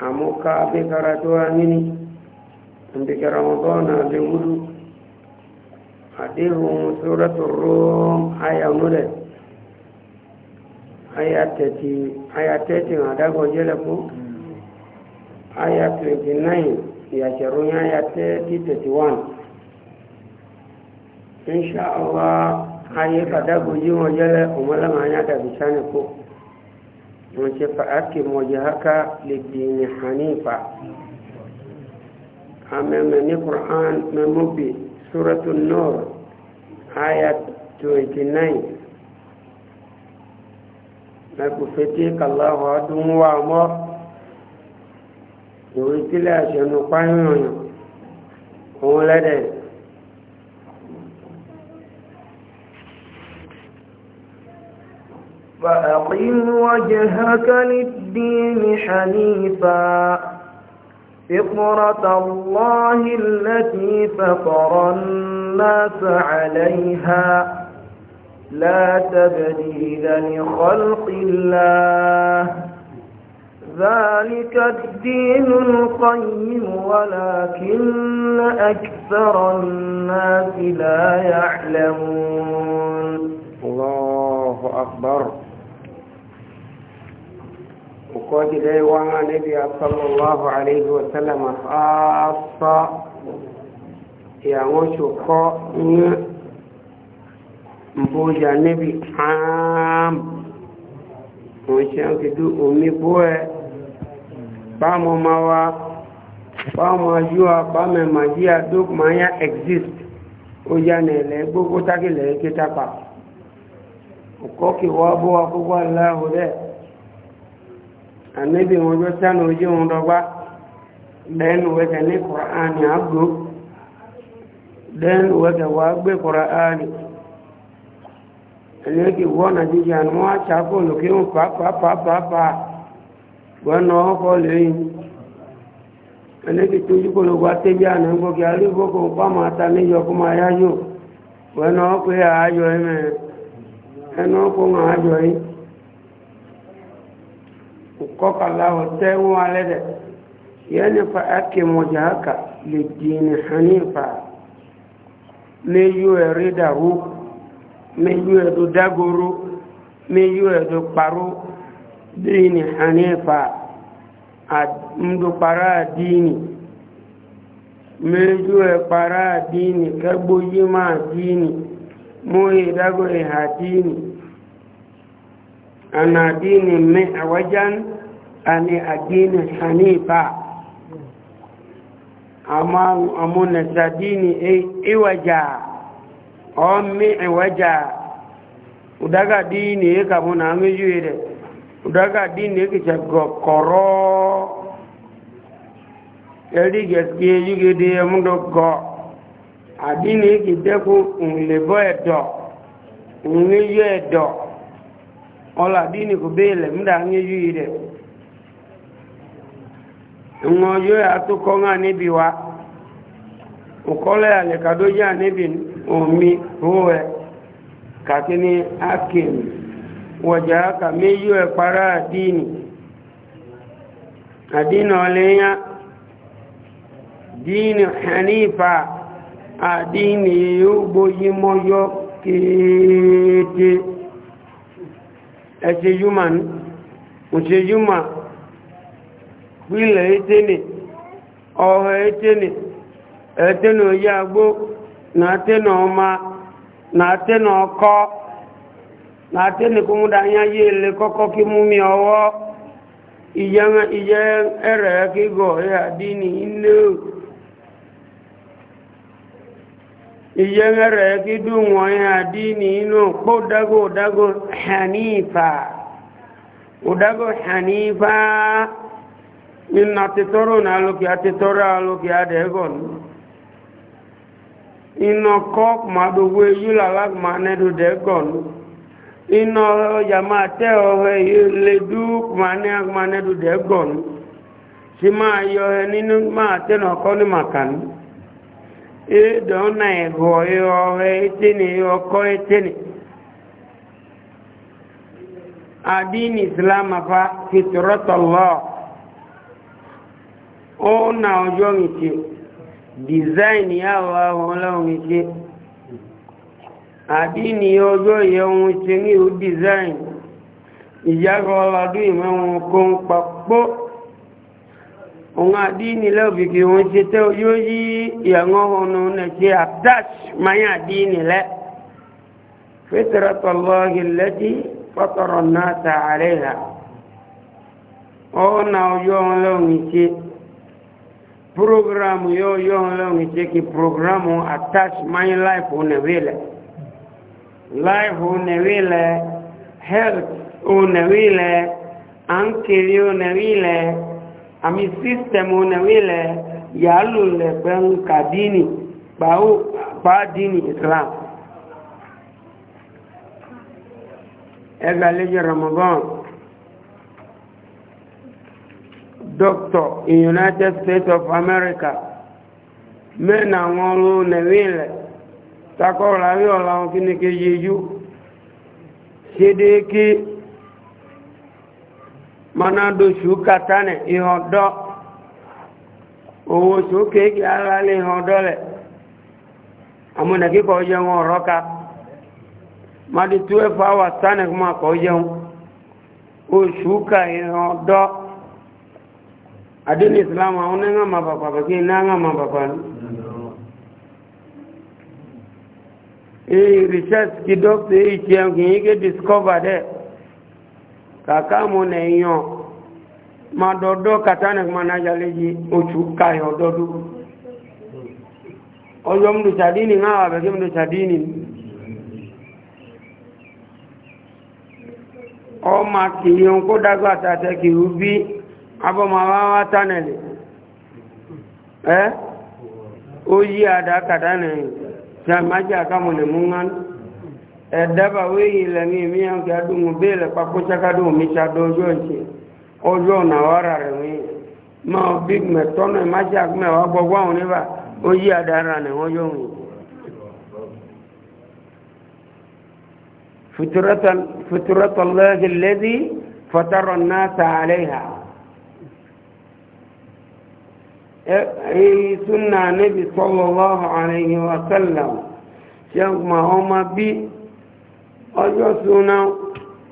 amuka abe karatoa nini ndike ramadhana abe wudu adihum suratu rum aya nure aya teti aya teti adago jele ku aya 29 ya sharunya aya teti 31 Insya Allah ayat ada jiwo jele umala manya da bishane ku mchepa ake moja haka lidini hanifa amemeni quran memupi suratu nur aya 29 na kufetika allahu adumu wa amor ìwé ìpínlẹ̀ àṣẹnu páyọ̀yàn òun lẹ́dẹ̀ẹ́ فأقم وجهك للدين حنيفا فطرة الله التي فطر الناس عليها لا تبديل لخلق الله ذلك الدين القيم ولكن أكثر الناس لا يعلمون الله أكبر koji dai wanga nabi sallallahu alaihi wa sallam asa ya ngocho ko mboja nabi am ngocho ke du umi boe ba mo mawa ba mo ajua ba me majia duk maya exist o ya ne le gbogbo takile ke tapa ko ki wa bo wa gbogbo allah de anabi wọn jọ sanu ojú wọn dọgba dẹnu wẹkẹ ní kuraani agbo dẹnu wẹkẹ wàá gbé kuraani ẹni wọ́n na jíjẹ àná wọn atsako lókè wọn pàápàápàápàá wọn nà ọkọ lẹ́yìn ẹni kì tójú kolo na tẹbi àná gbọkẹ alígbó kò pàmò ata níjọ kó máa yá yó wọn nà ọkọ yà á yọ ẹ mẹ yọ yìí. kọ́kànlá ọ̀tẹ́ wọn alẹ́dẹ̀ yẹn nípa ake mọ̀já aka lè dìínì hanifa méyú ẹ̀rí dàrú méyú ẹ̀dù dágoro méyú ẹ̀dù paró dìínì hanifa ndùpàrà dìínì méyú ẹ̀pàrà dìínì kẹgbóyí máa dìínì mú ìdágò ìhà dìínì ànà dìínì mẹ́ àwájáni ani adini hanifa amma amuna sadini e iwaja ommi iwaja udaga dini e kamuna angijire udaga dini e kicha gokoro eri gaskiye yuge de yamundo go adini e kideku unlebo edo dini kubele muda angijire ŋɔ yóò yà tó kọ́ ŋà níbi wa òkọ́lẹ̀ àlẹ́kàdó yà níbi omi hóẹ̀ kàkíní akim wọ̀jà kàmí yóò ẹ̀ para àdínì àdínà ọ̀lẹ́yà dínì hanifa àdínì yóò gbóyí mọ́yọ́ kéèké ẹ̀ṣẹ̀ yúmà ní ọ̀ṣẹ̀ ilẹ̀ eteni ọ̀họ̀ eteni ẹ̀tẹ́nà oyé agbó na tẹ́nà ọma na tẹ́nà ọkọ́ na tẹ́nà kúmúdá anyá yé ilé kọ́kọ́ kí mú mi ọwọ́ ìyẹ́ ẹ̀rẹ̀ kígọ̀ ẹ̀yà dínì ilé o ìyẹ́ ẹ̀rẹ̀ kí dùn wọ́n inú pọ́ dágò dágò hànífà òdágò hànífà. in na ti toro na lo ki a ti toro a lo ki a de gon ino kok ma do we yu la lak ma ne do de gon ino yama te o he le du ma ne ak ma ne do de gon si ma yo he ni nu ma te no ko ni ma kan e do na e go yo e o he e ti ni e o ko e ti ni adin islam fa fitratullah o na ojo mi ti design yàwó àwọn ọlọ́run ti àbí ní ọjọ́ ìyẹun ti ní ìhú design ìyára ọlọ́dún ìmọ̀ràn kó ń papọ̀ òun àdí ní lẹ́ọ̀bìkì òun ti tẹ́ yóò yí ìyàwó ọ̀nà ti attach mayan àdí nílẹ̀ fẹ́tẹ̀rẹ̀tọ̀ lọ́ọ̀gìlẹ́tì pọ́tọ̀rọ̀ náà tààrẹ́ rà ó na ọjọ́ ọlọ́run programu yo yo leo nicheki programu attach my life une vile life une vile health une vile ankeli une vile ami system une vile yalule penka dini bau ba dini islam ẹgbàlejò ramadan doctor in united states of america mẹ́nà àwọn ọlọ́run nẹ̀wí ilẹ̀ takọ́rọ̀ àrí ọ̀la wọn kí ní kí yíyú ṣe dé kí manado ṣùkátà ní ìhọ̀dọ́ owó ṣókè kí ara lè ìhọ̀dọ́ lẹ̀ àmúnà kíkọ́ jẹun ọ̀rọ̀ ka madi 12 hours tánẹ̀kùnmọ́ àkọ́ jẹun oṣù ka ìhọ̀dọ́ adin islam awne nga ma papa ke na nga ma papa e research ki dok de ichiam ki ke discover de kaka mo ne yo ma dodo katane ma na jale ji ochu oh, ka yo oh, dodo o yo mu chadini nga wa be mu chadini o ma ki yo ko dagwa ta te ki ubi abọ́mọ wa wá tánẹ̀lì ẹ́ ó yí àdákàdá nìyí sàmájì àkàmùnẹ̀ mú ngán ẹ̀dábà wéyí lẹ́ni mìíràn kí adúmù bẹ́ẹ̀lẹ̀ papọ̀ sákàdó mi sàdó ọjọ́ ìṣe ọjọ́ ọ̀nà wàrà rẹ̀ wí máa bí mẹ́tọ́nà ìmájì àkùnmẹ̀ wà gbọ́gbọ́ àwọn oníbà ó yí àdára nìyí ọjọ́ òun. فترة الله الذي فطر الناس عليها èyí súnà níbi sọ́lọ́lọ́hùn àríyìn wàsálàm tí ma ọ ma bí ọjọ́ súnà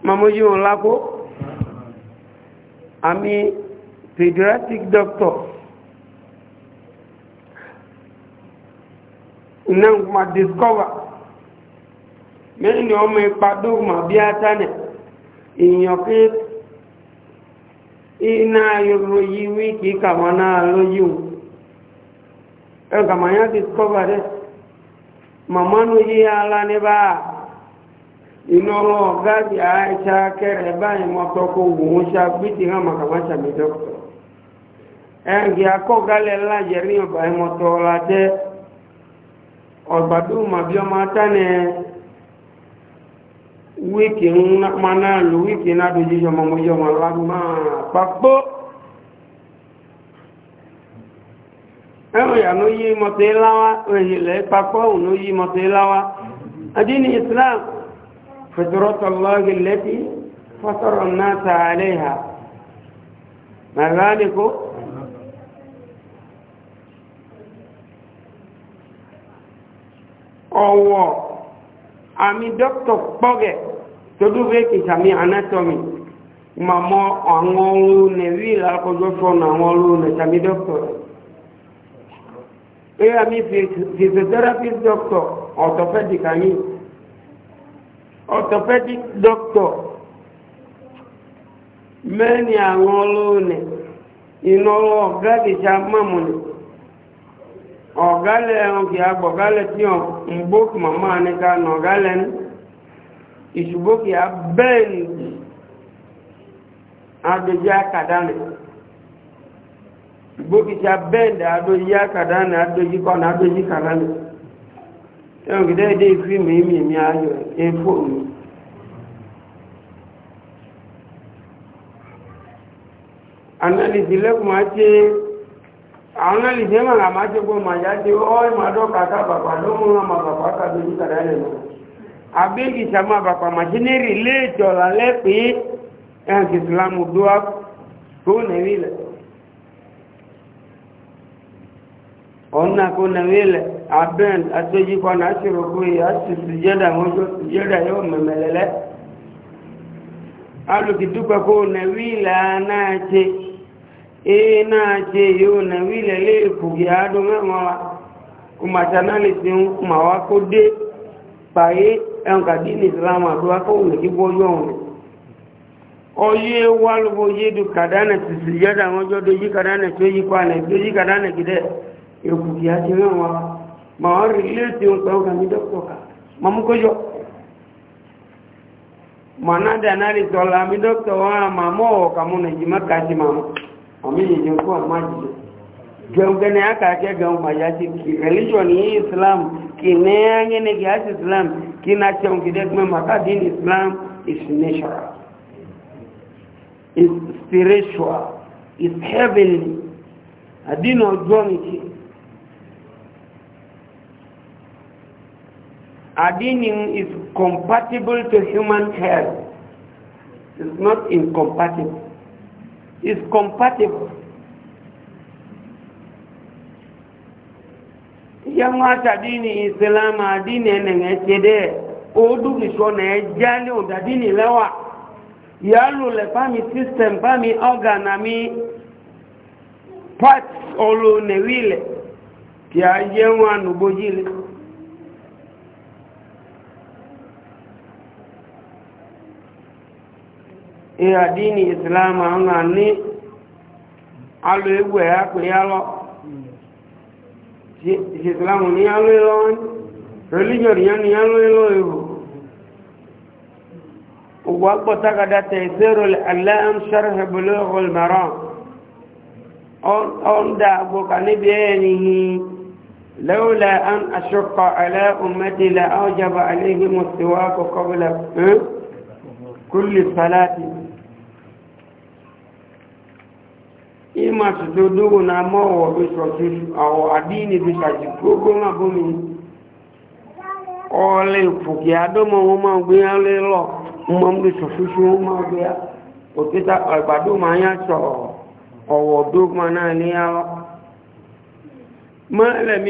mamójú wọn lápó àmì pediatric doctor iná ma discover mẹ́rin ni ọmọ ipa dogma bí átánẹ̀ èèyàn iná yorùbá yí wíkì kàmọ́ náà lóyún ẹgbàmọ́ yá ti kọ́bà rẹ̀ màmá nu yí ala ní bá iná ọmọ ọ̀gá ti àìsà kẹrẹ báyìí mọ́tọ́ kó wòó ṣá gbìtì hàn màkàmá sàmì dọ́kítọ̀ ẹnì akọ́gálẹ̀ lájẹ̀ rí ọ̀bà ẹ̀mọ́tọ́ ọ̀la ma ọ̀gbàdúrà o ma taa ne wíkì ń mana lò wíkì náà dojú yọmọ mọ yọmọ lámà pàpọ. ẹ̀rọ yàrá yí mọ̀tẹ́ láwá òhìlẹ̀ pàpọ̀ òun yí mọ̀tẹ́ láwá. adínì islam fìtúrọ́tọ̀ lọ́gì lẹ́tì fọ́sọ̀rọ̀ náà sàárẹ̀ ha. màláàdì kó. àmì dọ́kítọ̀ pọ́gẹ̀ todo ve kitami anatomy mamo àwọn ohun ne wi alkojo fon àwọn ohun ne tami doctor e ami physiotherapist doctor orthopedic ami orthopedic doctor mẹ́ni àwọn ohun ne iná ọ̀gá kìí mọ́mù ni ọ̀gá lẹ́ẹ̀rùn kìí agbọ̀gá lẹ́tí ọ̀ ń bó màmá ìṣùgbókè abẹ́ẹ̀lì adójú akàdánì ìgbókìtì abẹ́ẹ̀lì adójú akàdánì adójú kọ́nà adójú kàdánì ẹ̀rùn kìdẹ́ ìdé ìfí mìímì mi ayọ̀ efó mi análìsì lẹ́kùn máa ṣe àwọn análìsì ẹ̀mà làmájẹ́gbọ́n màá yá ṣe ọ́ ìmàdọ́kà kábàbà ló mú àmàbàbà kábàbà kàdánì náà abegi sama bapa machineri le dola le pi yang eh, Islam dua kone wile onna kone wile aben atoji kwa na asiro kui asi sujeda mojo sujeda yo memelele alu kituka kone wile anache e nache yo na wile le kugiado ngama kumatanali si kuma wako de pae ẹ̀hùn kàdí ní ìsìlámù àdúrà kó òun kí bó yọ òun ọyẹ wà lóbo yé du kàdánà tìsì yẹ́dà wọn jọ́ dojú kàdánà tó yí pa àná dojú kàdánà gidẹ èkó kì á ti rán wa mà wọn rí ilé tí ó ń kàmí dọ́kítọ̀ ká mà mú kó yọ mà náà dáná lè tọ́ mi dọ́kítọ̀ wọn àmà mọ́ ọ̀kà mọ́ nàìjíríà kàdí màmú àmì yìnyín kó àmà jìjọ gangane aka ake gan majaji ki religion yi islam ki ne yanyi ne ki hasi islam kí náà tẹun kìdẹ́ pé islam is natural is spiritual is heavenly àdínà ọjọ́ nìkí àdínà is compatible to human health is not incompatible is compatible. jamaata diini dini diini dini tsedɛ o odu sɔ nɛ jali o dini lewa, lɛ wa yalu lɛ pami system pami organ ami parts ɔlu nɛwi lɛ tia yɛ ŋu anugboji lɛ. ìyá diini isilaama ŋa ni alu ewu ɛ akpɛ ìsìlámù ní alóyè lọ́wọ́ religion yẹn ní alóyè lọ́wọ́ ìhò ògbó agbọ́tagada tẹ̀sẹ̀rọ̀ aláàm sharh bulughul maram ọ̀ndà agbóka níbi ẹni lawla an ashqa ala ummati la awjaba alayhi muswak ima tutudugu na mawo bisotiri ọdịni adini bisaji gbogbo ma bomi ọlẹ ìfòkè adọmọ wọn máa gbé yá lé lọ mọ ń bisọ fífi wọn máa gbé yá òkúta ìgbàdo máa yá sọ ọwọ dógma náà ní yá lọ. alam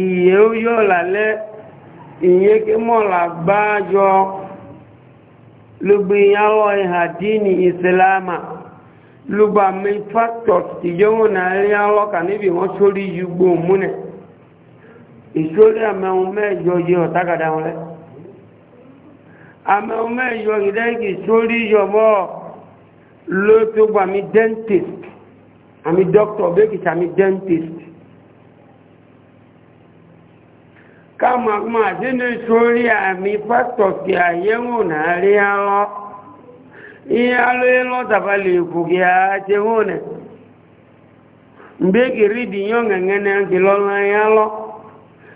ìyẹ́ ó yọ̀ lálẹ́ ìyẹ́ kí lugbiyawo iha dini islama lugba mi factors iyewo na riyawo ka níbi wọn sórí yugbo múnẹ ìsórí àmẹ́hun mẹ́jọ yí ọ̀tágàdá wọn rẹ̀ àmẹ́hun mẹ́jọ ìdẹ́gì sórí yọ̀bọ̀ lo to gbà mi dentist ami doctor bẹ́kìtì àmì dentist kama kuma sínú sórí àmì pásítọ̀kì àyẹ̀wò náà rí alọ́ iye alóyè lọ́tàbà lè kò kí a ṣe wọ́n nẹ̀ mbẹ́kì ya yán gẹ̀gẹ́ náà kì lọ́la yá lọ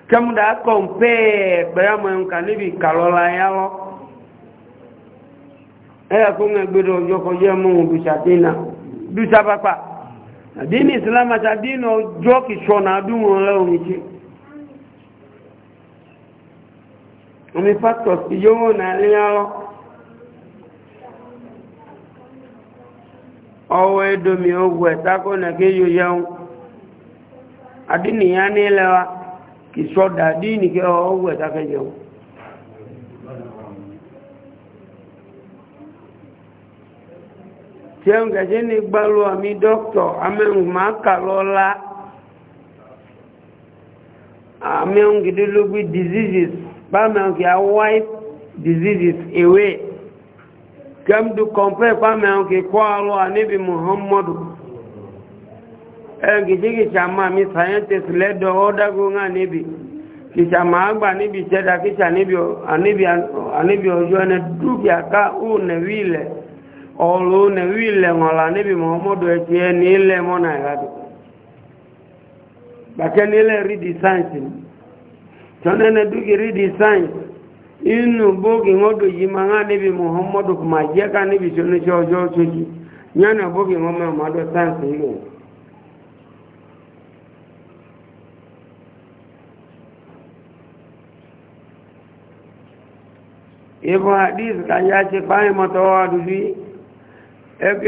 kẹ́mùdà kọ̀m̀pẹ́ pẹ̀lú ẹ̀ka níbi kà lọ́la yá lọ ẹ̀yà kó ń gbẹ́dọ̀ ọjọ́ kọjá mú un bùsàdínà bùsàpàpà àdínì ìsìlámàtà dínà ọjọ́ kìsọ̀nà àdúgbò lẹ́wọ̀n ìṣe. omi factors yóò na léyàwó ọwọ́ edomi ogun ẹ̀tákó na ké yóò yẹun adínìyàn ní ilẹ̀ wa kì sọ́dà dínì kí ọwọ́ ẹ̀tákó yẹun tí ó ń gẹ̀ẹ́sẹ́ ní gbálù àmì dọ́kítọ̀ amẹ́hùn máa kà lọ́la amẹ́hùn gidi ló diseases farmers can wipe diseases away Come to compare family farmers can kwalo anibi muhammad eh gijigi chama mi scientist led order gunga nibi kìsàmà àgbà níbi ìṣẹ́dá kìsà níbi ọjọ́ ẹni dúkìá ká ó nẹ̀wí ilẹ̀ ọ̀rọ̀ ó nẹ̀wí ilẹ̀ ọ̀la níbi mọ̀ọ́mọ́dọ̀ ẹ̀tì ẹni ilẹ̀ mọ́ nàìjíríà bàkẹ́ nílẹ̀ rí di redesign ni tonene dugiri design inu bogi ngodo yimanga nibi muhammadu kumajeka nibi chono chojo chuki nyana bogi ngoma mado sansi hiyo ibu hadith kanya chifahi matawa dubi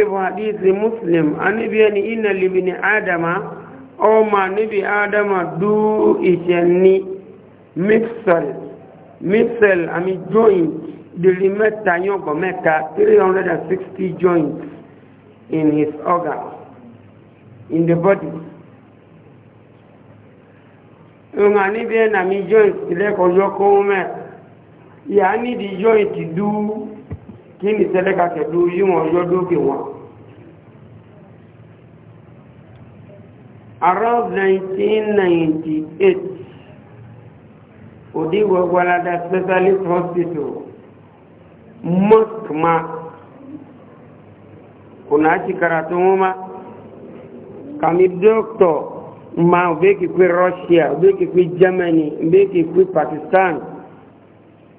ibu hadith muslim anibia ni ina libini adama oma nibi adama du icheni mixel mixel àmì joint dèrè mẹ́ta yọ̀gbọ̀ mẹ́ta three hundred and sixty joints in his organ in the body. ìwọ̀n níbi ẹ̀nà mi joint lẹ́kọ̀ọ́jọ́ kó mẹ́ ìyá nídìí joint dú kí ni sẹ́lẹ̀ka kẹ̀dú yíwọ̀n ọjọ́ dókè wọn. around nineteen ninety eight òdi wọgbọlada specialist hospital mosque ma kuna ci karatu ma kami doctor ma be ki kwi russia be ki kwi germany be ki pakistan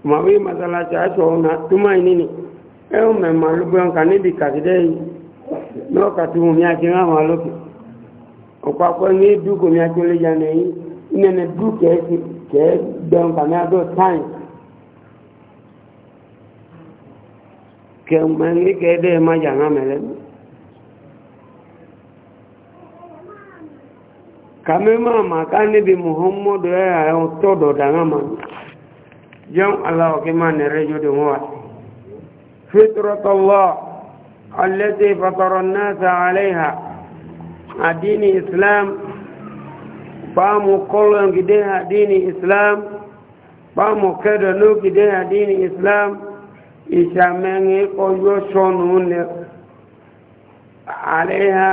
ma wi masalaci aso na tuma nini eu me malubon kanidi kakidei no katumu miaki nga maluki okwa kwa ngi duko miaki ole jana hii inene duke esi kẹ́ gbẹ̀rún kàmí àdó táìm kẹ̀mẹ́rin kẹ́ẹ̀dẹ́ má yà náà mẹ́lẹ́ kàmí máa mà ká níbi muhammadu ẹ̀ àwọn tọ́dọ̀ dáná mà jẹun aláwọ̀ kí máa nẹ̀rẹ́ yóò dé wọ́n wá fitratọ́lọ́ alẹ́tẹ̀ fàtọ̀rọ̀ náà sàálẹ́ ha àdínì islam pamu kolon gidea dini islam pamu kedo lu gidea dini islam ìṣàmẹ́rin ọjọ́ sọ́nù lẹ àríhá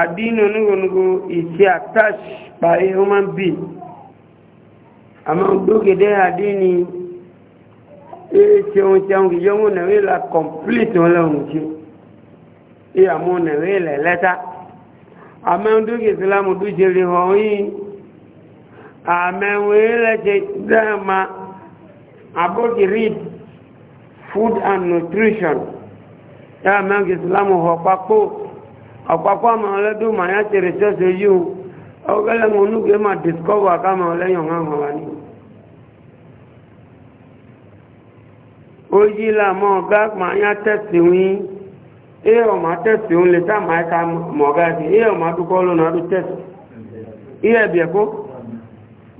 àdínú nígbònúgbò ìṣẹ́ attach by human being àmọ́ gbógede àdínú ìṣẹ́ ohun tí àwọn ìyọ́mù nẹ̀rí wela complete wọn lẹ́hùn tí ìyàmù wela lẹ̀ amẹ́ndúkì ìsìlámù tó ṣe lè hàn yìí àmẹ́wé lẹ́ṣẹ̀ dáàmà àbókì read food and nutrition àmẹ́ndúkì ìsìlámù ọ̀pápó ọ̀pápó àmọ́ ọlẹ́dún màá ti rìṣọ́ṣe yìí ọgọ́lẹ́mù onúgbé máa discover káàmà ọlẹ́yàn hàn wà ní ó yí làmọ́ ọ̀gá màá tẹ̀sí wíyí ihe ọma ta ma aka mọgazi ihe ọma dụkọ ọlụ na adụ testi ihe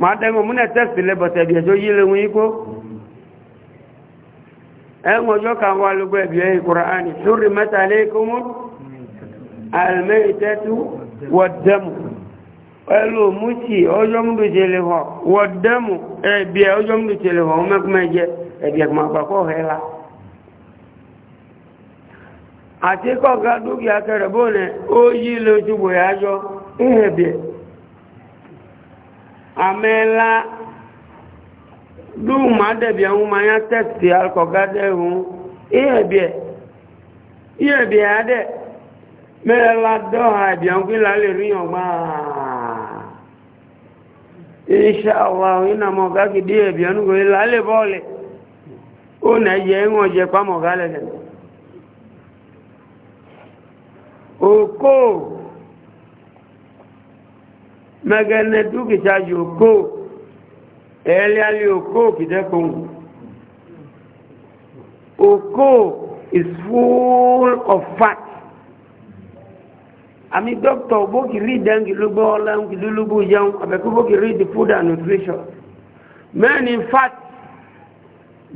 ma dẹ́gbọ̀n múnẹ̀ testi lẹ́bọ̀tẹ̀ bí ẹjọ́ yílẹ̀ wọn ikó ẹ̀wọ̀n ọjọ́ kan wà lógún ẹ̀bí ẹ̀ ìkùránì lórí mẹ́ta lẹ́kọ́mọ́ almẹ́tẹ́tù wọ̀dẹ́mù ẹlò mútì ọjọ́ múdù jẹlẹ̀ họ wọ̀dẹ́mù ẹ̀bí họ àti kọ̀ọ̀gá dúkìá kẹrẹ̀bọ́ nẹ ó yí lójúbò yájọ́ ìhẹ̀bẹ̀ àmẹ́lá dúùmá dẹ̀bẹ̀ ẹ̀hún ma yá tẹ́sì alkọ̀gá dẹ̀hún ìhẹ̀bẹ̀ ìhẹ̀bẹ̀ adẹ́ mẹ́lá dọ́ha ẹ̀bẹ̀ ẹ̀hún kí lálẹ́ rí ọgbà òkó mẹ́gẹ́nẹ́ dúkìsájú òkó ẹ̀ẹ́lẹ́alẹ́ òkó kìdẹ́kùn òkó is full of fat àmì dọ́kítọ̀ bókì rí dẹ́ngìlúgbọ́ ọlọ́ngìlúgbò jẹun àbẹ̀kú bókì rí the food and nutrition mẹ́rin fat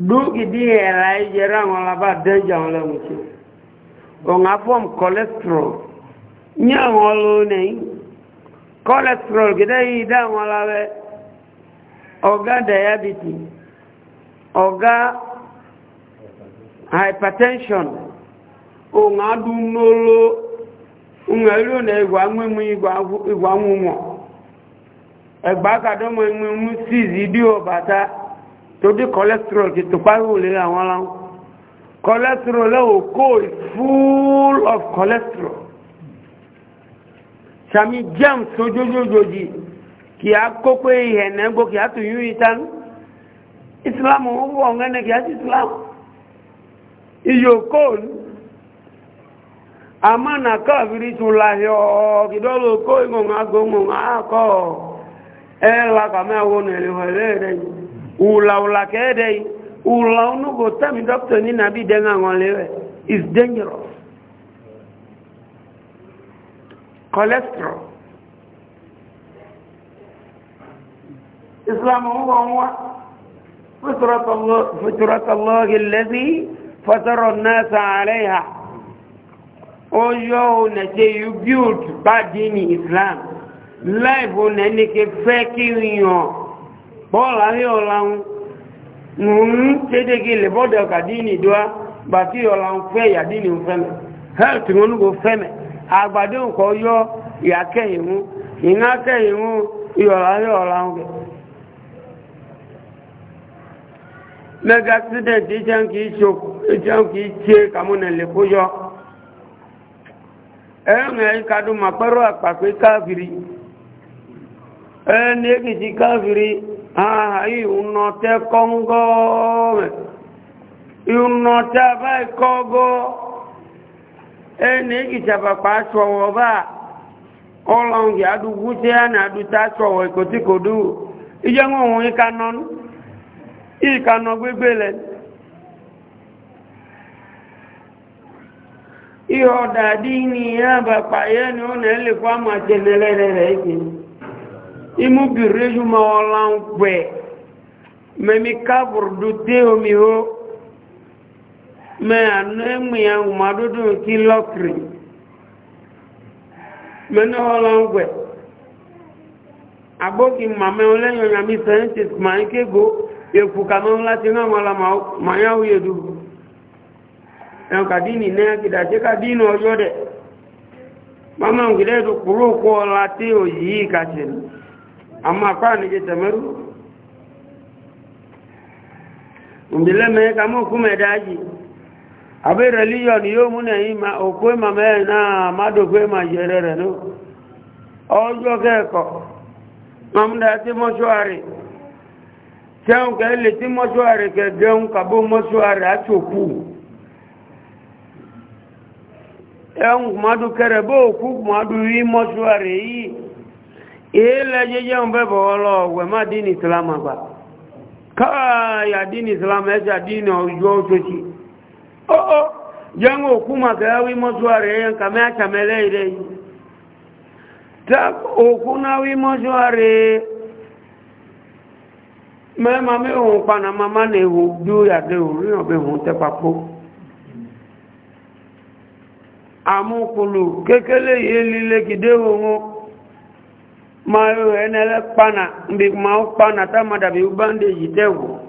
dúkìdí ẹ̀rà ẹ̀jẹ̀rẹ̀ àwọn alábàdẹ́jà ọlọ́ngìlú onga form cholesterol nya ngolo nei cholesterol gidai da ngolawe oga diabetes oga hypertension onga nolo onga lo na nwemu igwa igwa nwumo egba ka do mo nwemu disease di obata to di cholesterol ki to pa wo le lawo cholesterol lẹ́wọ̀ kó is full of cholesterol sami germs ojojojoji kì á kó pé ìhẹ̀nẹ́ gbó kì á tún yún ìtàn islam wọ́n wọ̀ ń gẹ́nẹ́ kì á sí islam iyòkó àmàna káàfìrí tún láhẹ́ ọ̀ọ́ kìdọ́lù kó ìgbòhùn agbóhùn àkọ́ ẹ̀ẹ́lá kàmẹ́ àwọn ènìyàn rẹ̀ rẹ̀ wùlàwùlà kẹ́ẹ̀dẹ́ ula unugo tami doctor ni nabi denga ngolewe is dangerous cholesterol islam huwa huwa فطرة الله فطرة الله الذي فطر الناس عليها oyo na se you build badi ni islam life na ni ke fe nùn tẹ́tẹ́kì lè bọ́dẹ̀ ka díìnì dọ́wà bàtí ọ̀la ń fẹ́ ìyá díìnì ń fẹ́mẹ̀ health wọn kò fẹ́mẹ̀ àgbàdo nǹkan yọ ìyá kẹ́yìn mú ìná kẹ́yìn mú ìyọ̀la yọ̀la ń kẹ́. mega accident ìjẹun kì í ṣe ìjẹun kì í ṣe kàmúnà lè kó yọ. ẹ̀rùn ẹ̀yìn kadùn màpẹ́rọ àpàpẹ́ káfìrí ẹ̀ẹ́ni èkìtì káfìrí. ahàyí ìhùnàtẹ́ kọ́ngọ́ rẹ̀ ìhùnàtẹ́ àbáyé kọ́gọ́ ẹni bá ọlọ́ngì adúgbú tí a ní adúta sọ̀wọ̀ ìkòtí kò dú ìjẹ́ ohun ìkànnà ìkànnà gbégbé lẹ̀ ìhọ̀dà dí ni àbàpà yẹ́ ni ó nà ẹ́ lè fọ́ àmà imu bire ma olan gbe memi kabur du te omi ho me anu emu ya uma dudu ki lokri meni olan gbe aboki mame ole yo nyami scientist ma nke go efu kama nla ti na mala ma ma ya uye du en ka dini ne ki da je ka dini ojo de mama ngide du kuro ko la ti oyi ka chenu amma kwa nije tamaru mbile me kama kume daji abe religion yo mune ima okwe mame na mado kwe majerere no ojo keko mamda ti mochuari seun ke le ti mochuari ke deun kabo mochuari atoku ẹun e madu kẹrẹ bó òkú madu yí mọ́ṣúwàrí yìí ilẹ̀ jẹjẹ́ ń bẹ́bọ̀ ọlọ́ ọ̀wẹ̀ má dínì kaa ya káàyà dínì islam ẹ̀ṣà dínì ọjọ́ òṣòṣì ọ́ọ́ jẹ́ngọ́ òkú màkàáwí mọ́ṣúwárì ẹ̀yẹn kàmẹ́ ya ilẹ̀ yìí òkú náwí mọ́ṣúwárì mẹ́ma mẹ́hùn panama má lè hù bí ó yàtẹ̀ òríyàn mayo enele kpana ma mao kpana tama dabi ubande jitewu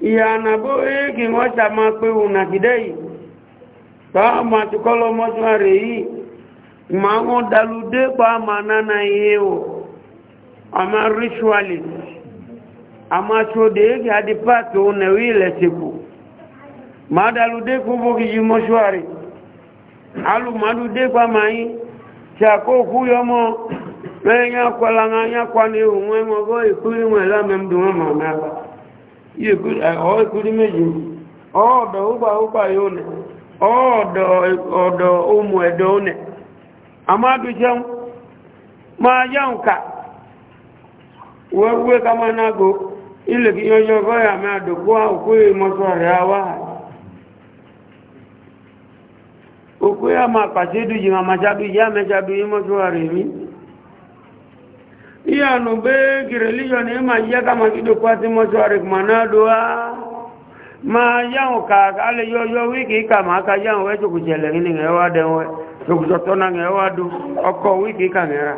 ya nabo eki ma makwe unakidei kama tukolo mochwari hii mango dalude kwa manana yeo ama ritualist ama chodeki hadi pato unewile ma madalude kubo kijimoshwari alu madude ma mai chakokwu ya ọmọ n'anya kwala n'anya kwana ewu nwe nwogo ekuri nwere amemdu nwa ma n'aba ọ ekuri meji ọdọ ụgba ụgba ya ọdọ ọdọ ụmụ amadu jem ma ya nka kama nago ilegi yọjọ ya ma ha òkú yà máa pàṣẹ dùjì máa máa jábí yà mẹ́jà bí mọ́ṣúwárì mi ìyànù bẹ́ kìrìlíyàn ní máa yẹ́ ká máa kídò pa sí mọ́ṣúwárì kùmà náà dùwá máa yáhùn kàkà lè yọyọ wíkì kà máa ka yáhùn wẹ́ ṣòkùjẹ̀lẹ̀ ní ẹ̀ wá dẹ̀wẹ́ ṣòkùjọ́tọ́ náà ẹ̀ wá dùn ọkọ̀ wíkì kà ẹ̀ rà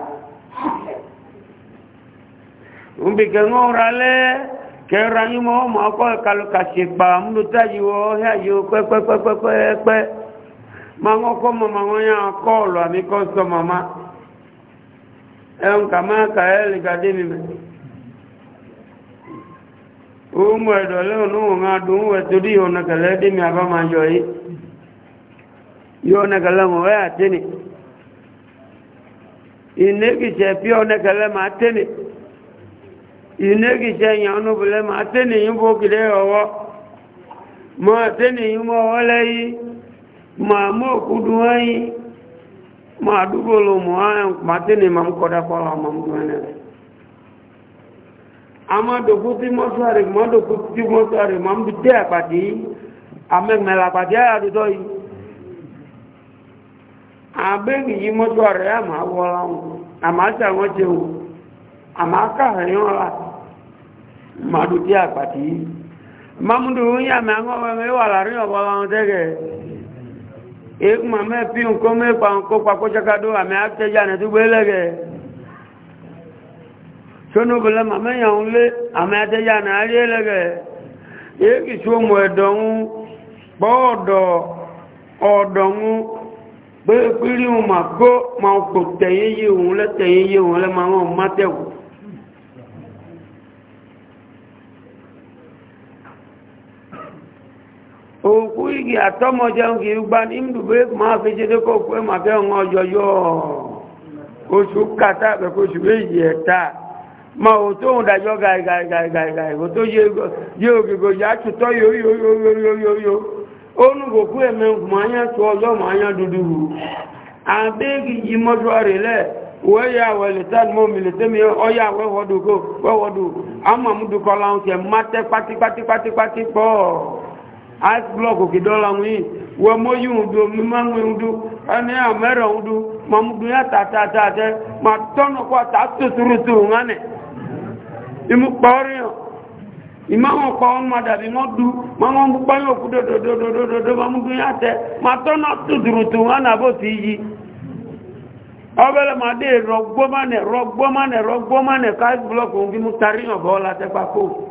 òbíkẹ̀ ń mango ko mama ngonya ko lo mi ko so mama en kama ka el gadini me umo do lo nu nga du we tudi ho na kale di mi aba ma yo yi yo na kale mo wa tini ine gi che pi ho na kale ma tini ine gi che nya nu bu le ma tini yu bo gi le o mo tini yu mo wa le yi máa mọ́ òkúdù wáyé máa dúgbò ló mọ́ ààrùn pàtí ni máa ń kọ́dá pọ́lá ọmọ mọ́gbọ́nẹ̀ rẹ̀ a máa dòkú tí mọ́sáré máa dòkú tí mọ́sáré máa ń dé àpàdé amẹ́gbẹ̀lá àpàdé àdúdọ́ yìí àbẹ́gì yìí mọ́sáré àmà wọ́lá wọn àmà la máa dòkú àpàdé yìí máa mú dòkú yìí àmà àwọn ekuma mẹ́fí nǹkan mẹ́fà nǹkan pàkóṣakadó àmì àtẹ́jà nẹ̀ tó gbélẹ́gẹ̀ ṣónúbùlẹ̀ màmẹ́yàn ń lé àmì àtẹ́jà nẹ̀ àríẹ́lẹ́gẹ̀ èkì ṣómù ẹ̀dọ̀un pọ́ọ̀dọ̀ ọ̀dọ̀un pé pírí ma e kó e ma kò tẹ̀yìn yìí òun lẹ́tẹ̀yìn yìí òun lẹ́ kí àtọ́mọ jẹun kì í gbá ní ìdùbẹ́ máa fi ṣe dé kókó ẹ̀ máa kẹ́hìn ọjọ́jọ́ oṣù kàtà pẹ̀kọ́ oṣù méjì ẹ̀ta ma ò tó ń ji gàìgàìgàìgàì ya tó yé ògìgò yá tutọ́ yóyóyóyóyó ó nù kò kú ẹ̀mẹ́ màá yán tó ọjọ́ màá yán dúdú hù àbẹ́ẹ̀kì yí mọ́ṣúárì lẹ̀ wẹ́yà wẹ̀lẹ̀ tán mọ́ mìlítẹ́mi ọyà wẹ́wọ́dù ice block kidola ngi wo moyu do ma ngi ndu ani amero ndu ma mu ya ta ta ta te ma tono kwa ta tu turu tu ngane imu pawri ima ngo ko ma da bi ngo du ma ngo ngu pa yo do do do do do ma mu du ya te ma tono tu turu tu ngana bo ti yi Abele ma de rogbo mane rogbo mane rogbo mane kaiz blok ungi mutari ngo bola te pa ko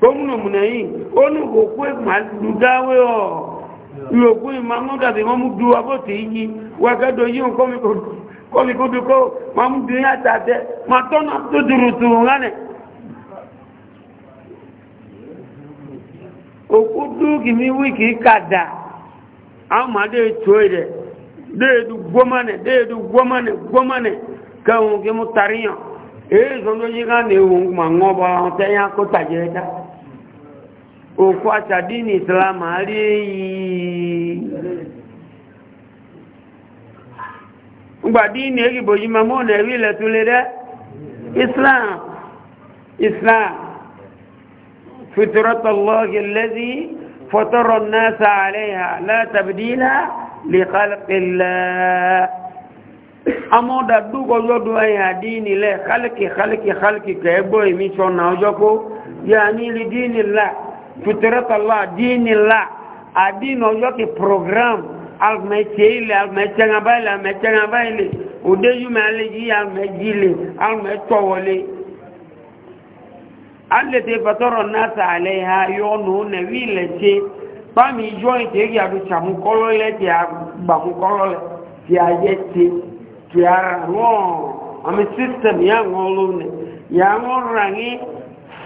tóun òmùnà yìí ó ní òkú ìmàlù dáwé ọ̀ ìròkú ìmàmú dàbí wọ́n mú du abóòtì kó ma mú du àtàtẹ́ tọ́nà tó dùrù tùrù òkú dúkì wíkì kàdà àwọn tó déèdù déèdù kí mú èyí ní ń wọ́n bọ́ àwọn tẹ́yà kó tàjẹ́ dáa. òkú àtàdínì ìsìlámà rí èyí gbàdínì èyíbò yìí ma mọ́nà ẹ̀rí ilẹ̀ tó lè rẹ́ islam islam fìtìrọ́tọ̀lọ́gì lẹ́sí fọ́tọ́rọ̀ náà sàárẹ̀ látàbídílá lè kálẹ̀kẹ̀lẹ̀ amọ́dàdúgbọ́ yọ́dún ẹ̀yà dínì lẹ́ kálẹ̀kẹ̀ kálẹ̀kẹ̀ kálẹ̀kẹ̀ kẹ́gbọ́ ìmíṣọ́nà ọjọ́ kó yà ní ilé dínì láà fitratala dinila adin ọjọ́ kì program alùmẹ̀tẹ̀ ilẹ̀ alùmẹ̀tẹ̀ngaba ilẹ̀ alùmẹ̀tẹ̀ngaba ilẹ̀ òdejúmẹ̀ alẹ́jì alùmẹ̀jìlẹ̀ alùmẹ̀tọ̀wọlẹ̀ alẹ́tẹ̀ fàtọ́rọ̀ náà alẹ́ ha yọnu nẹ̀wí ilẹ̀ tẹ́ bámi ijọ́ ìtẹ́ yàdù sàmúkọ́lọ́lẹ̀ tẹ́ agbàmúkọ́lọ́lẹ̀ tẹ́ ayẹ́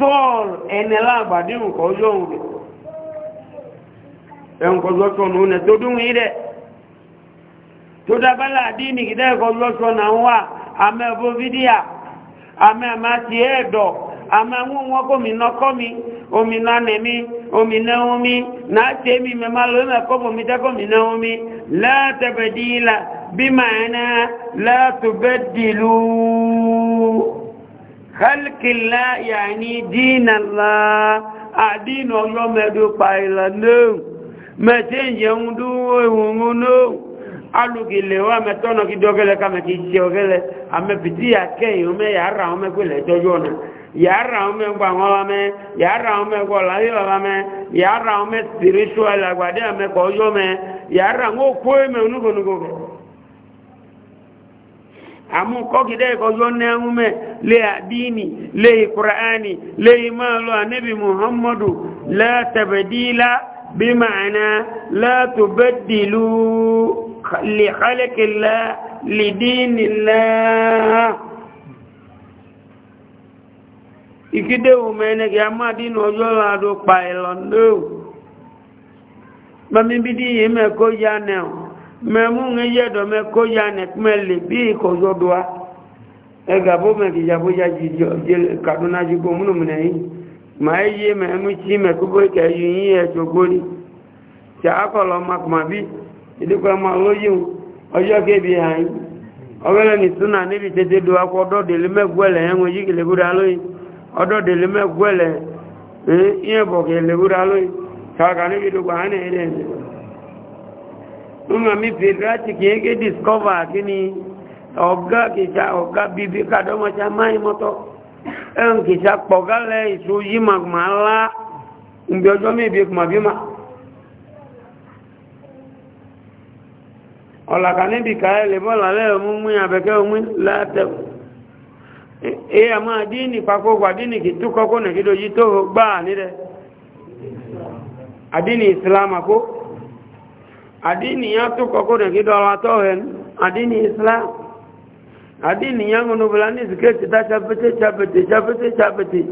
paul ẹni lágbàdí nǹkan ọjọ́ òun rẹ̀ ẹnkọ̀ lọ́sọ̀nà òun tó dún yí tó dábálà àdí ní ìdá ẹ̀kọ́ lọ́sọ̀nà wà àmẹ́ ẹ̀bọ́ fídíà àmẹ́ ẹ̀má ti ẹ̀ẹ̀dọ̀ àmẹ́ omi kálíkìlá yàní dínà lá àdínà ọyọ́ mẹ́dọ́pà ìlànà mẹ́tẹ́ ìyẹun dúró ìwòrán náà alùgìlẹ̀ wa mẹ́tọ́nà kí dọ́gẹ́lẹ́ ká mẹ́kì ṣe ọgẹ́lẹ́ àmẹ́bìtì àkẹ́yìn ọmọ yàrá ọmọ ẹgbẹ̀lẹ̀ ìtọ́jú ọ̀nà yàrá ọmọ ẹgbà wọn lamẹ yàrá ọmọ ẹgbà ọ̀làyé lamẹ yàrá ọmọ spiritual àgbàdé àmẹ́kọ̀ ọjọ́ mẹ yàrá ń kó ẹ̀mẹ́ onúkọ̀nùkọ̀ àmú kọ́kídẹ́ ìkọjọ́ nẹ́ẹ̀mẹ́ lé àdínì lé ìkùránì lé ìmọ̀lọ́ ànẹ́bì muhammadu látàbẹ̀dílá bí màánà látòbẹ̀dìlú lè kálẹ̀kìlá lè dínìlá ìkídéwò mẹ́nẹ́gì a máa dínà ọjọ́ ládó pa ìlọ́ndó bàmí bí díyìn mẹ́kọ́ yá nẹ́ọ̀ mẹ́mú ń yẹ́ dọ̀mẹ́ kó ya nẹ̀kúnmẹ́ lè bí ìkọ̀jọ́ dùá ẹgà bó mẹ́ kàdúnà jígbó yìí ma é yé mẹ́mú tí mẹ́kúgbó kẹ́yù yí ẹ̀ṣọ́ gbórí tí a kọ̀lọ̀ makùnmá bí ìdíkọ̀ ẹmọ olóyìn ọjọ́ kébi àyín ọgbẹ́lẹ̀ ní súnà níbi tètè dùá kọ ọdọ́dẹ̀lẹ́ mẹ́gbẹ́lẹ̀ mẹ́gbẹ́lẹ̀ ẹ̀yẹ́bọ̀ kìlẹ̀gúdà lóyìn kàkà níbi nga mi pediatric yeke discover kini ọ̀gá kìsà ọ̀gá bíbí kàdọ́mọ̀sá máa mọ́tọ́ ẹn kìsà pọ̀gálẹ̀ ìṣò yí màgbà ńlá ìgbẹ̀ ọjọ́ mẹ́bí kùmàbímà ọ̀làkà níbi kàẹ́lẹ̀ bọ́là lẹ́ẹ̀mú adini ya tu koko na kido alwatohen adini islam adini yangu nubulani ziketi ta chapete chapete chapete chapete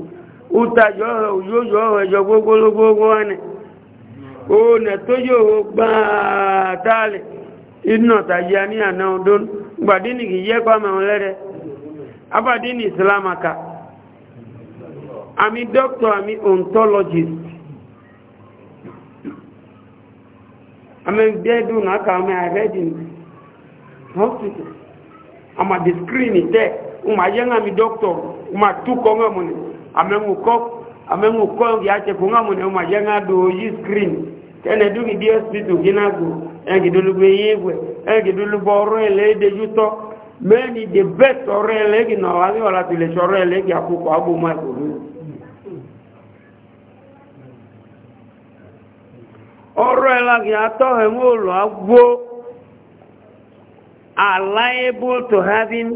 utajohe o jogogologogwane ona tojo gba tale inna tajania na odun gbadini giye kwa mawlere abadini islamaka ami doctor ami ontologist ame biedu na aka ame aredi hospital ama the screen there uma yenga mi doctor uma tu ko ngamune ame nguko ame nguko yache ko ngamune uma yenga do yi screen tene du ki dsp e e e tu ginago e ki dulu be yewe e ki dulu boro ele de juto many the best ore ele ki no wali wala tule chore ele ki akuko abu ma ko ọ̀rọ̀ ẹ̀lági atọ́hẹ̀ mú olù agbó are liable to having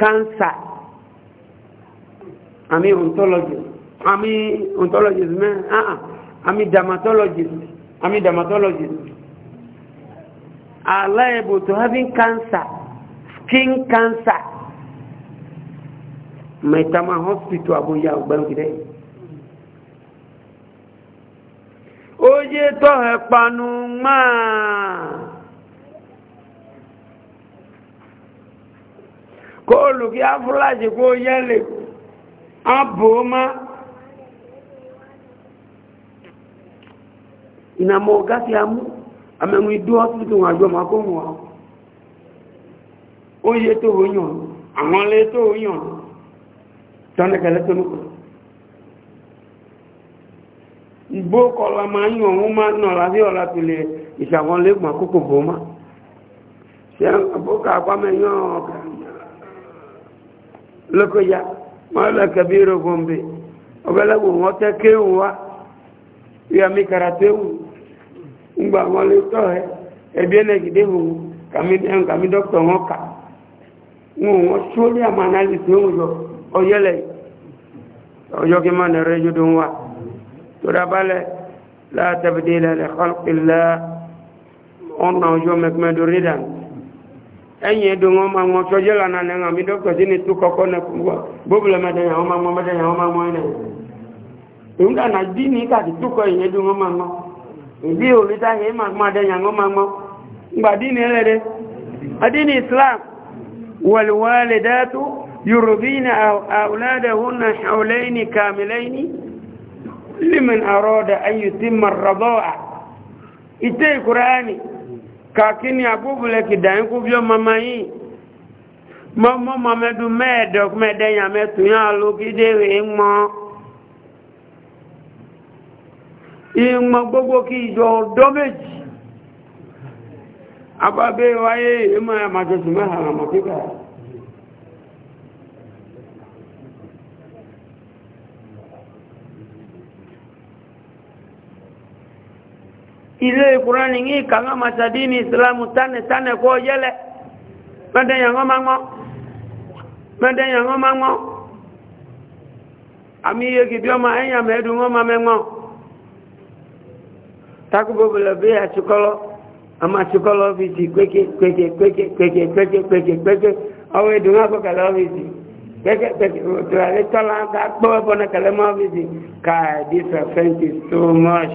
cancer àmì ontologist àmì ontologist mẹ́ àà ah, ah. àmì dermatologist àmì dermatologist are liable to having cancer skin cancer mẹ́tàmà hospital àbúyá ọgbẹ́rún kìdẹ́yìn oye tọ́hẹ̀ panu máa kó olùkí afúláṣì kó yẹ́lẹ̀ abòómá ìnàmọ̀ ọ̀gá ti àmẹ́mú idú wọn àjọ máa oye tó oyàn àwọn lé tó oyàn tó ìgbó kọlá máa ń yàn wọ́n máa nà láti ọ̀la pèlè ìṣàwọn lẹ́gbọ̀n bụ bò má ṣe àbúkà àpamẹ́yàn ọ̀gá lókòjá wọ́n lọ kẹbí rogun bè ọ̀bẹ́lẹ́gbò wọ́n tẹ́ kéwù wá yàmi karatéwù ńgbà wọn lè tọ́ ẹ ẹbí ẹnẹ́gidé wù kàmí dọ́kítọ̀ wọn kà wọn wọn àmàlà tó ń yọ ọyẹlẹ kí má nà rẹ yóò dún ترابل لا تبديل لخلق الله na وجومك ما دريدا أي دعوة ما مشجع لنا نعم بدو كذين na dini ka ti tuko yin du ngo mama ibi o bi he ma ma da yan ngo ngba dini le de adini islam wal walidatu yurdina awladahunna liman arada an yutimma ar-radaa ite qur'ani ka kini abubule kidan ku bio mama yi mama mama du medo mede ya ya lo gide we gbogbo kí ìjọ ọdọ́ méjì abábẹ́ wáyé ìmọ̀ àmàjọsùn kíkà ile kurani ngi kanga masadini islamu tane tane ko yele mende yango mango mende yango mango ami ye gibyo ma enya eh, medu ngoma mengo takubo bele be ya chukolo ama chukolo viti kweke kweke kweke kweke kweke kweke kweke awe dunga ko kala viti kweke kweke tuale tola ka kpo bona kala ma viti ka this offense is too much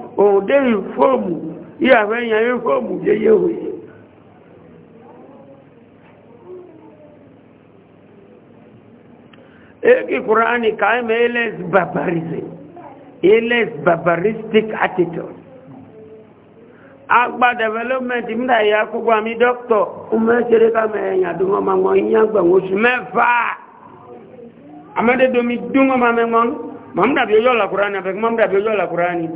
òde ìfóòmù ìyàwó ẹ̀yàn ìfóòmù yẹyẹ òye eki kurani kaim eles barbarism eles barbaristic attitude agba development mda ya kugbo ami doctor umesere kama ẹ̀yàn dungo ma ngọ iyan gbọ̀n oṣù mẹ́fà amẹ́dẹ́domi dungo ma mẹ́gbọ́n mọ̀mdàbí ojú ọ̀la kurani abẹ́gbọ́n mọ̀mdàbí ojú ọ̀la kurani.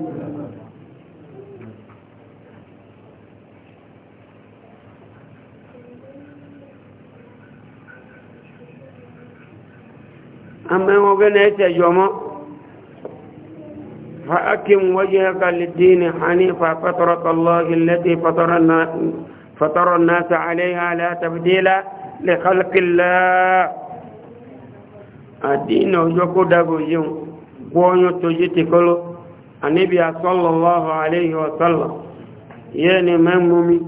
أما وقنا يتجمع فأكم وجهك للدين حنيفا فطرة الله التي فطر فطر الناس عليها لا تبديل لخلق الله الدين وجوكو دابو يوم قوانيو تجيتي كله النبي صلى الله عليه وسلم يعني ممومي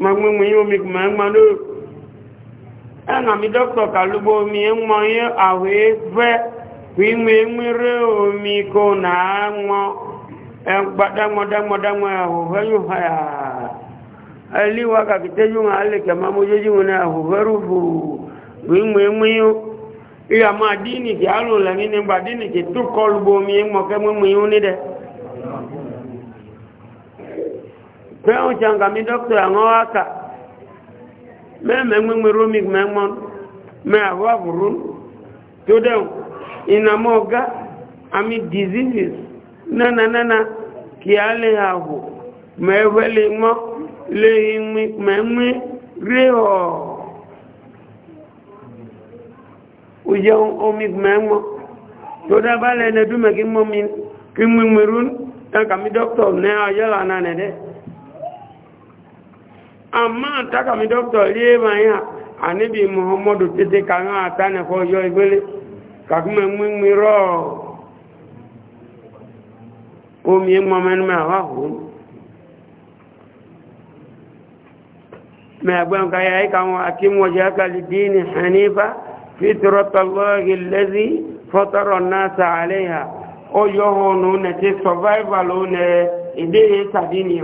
ممومي يومك ممومي na mi dọ́kítọ̀ kàlúgbó omi ń mọ yé àwọ̀ ẹgbẹ́ wíwé nwéré omi kò náà mọ ẹgbàdámọdámọdámọ àwòfẹ́ yóò fà yà ẹlíwà kàkìtẹ́jú wọn alẹ́ kẹmọ́ mojójú wọn àwòfẹ́ rúfù wíwé nwéyó ìyá máa dínì kí á lò lẹ́yìn nígbà dínì kí tó kọlùgbó omi ń mọ kẹ́mọ́ mwéyó ní dẹ́ pẹ́ òun ṣàǹkà mi dọ́kítọ̀ àwọn wákàá mẹ́mẹ́ nwẹ́nwẹ́ romig mẹ́mọ́n mẹ́ àbúrú tó dẹ̀wọ̀n ìnàmọ́ ọ̀gá àmì diseases nánanánà kí a lè àwọ̀ mẹ́wẹ́ lè mọ́ lè mẹ́mẹ́ rí ọ̀ òye omig mẹ́mọ́ tó dábàá lẹ́nu ẹdúmẹ́ kí mọ́ mi kí mímú irú ẹ̀ka mi dókítà ní ayọ́lá náà amma taka mi doctor liye ma ya anibi muhammadu tete kan ata ne ko yo igbele ka kuma mu mi ro o mi mo men ma wa ko me agbon ka ya ka won akim wajhaka lidini hanifa fitratallahi allazi fatara an o yo honu ne ti survival o ne ide tadi ni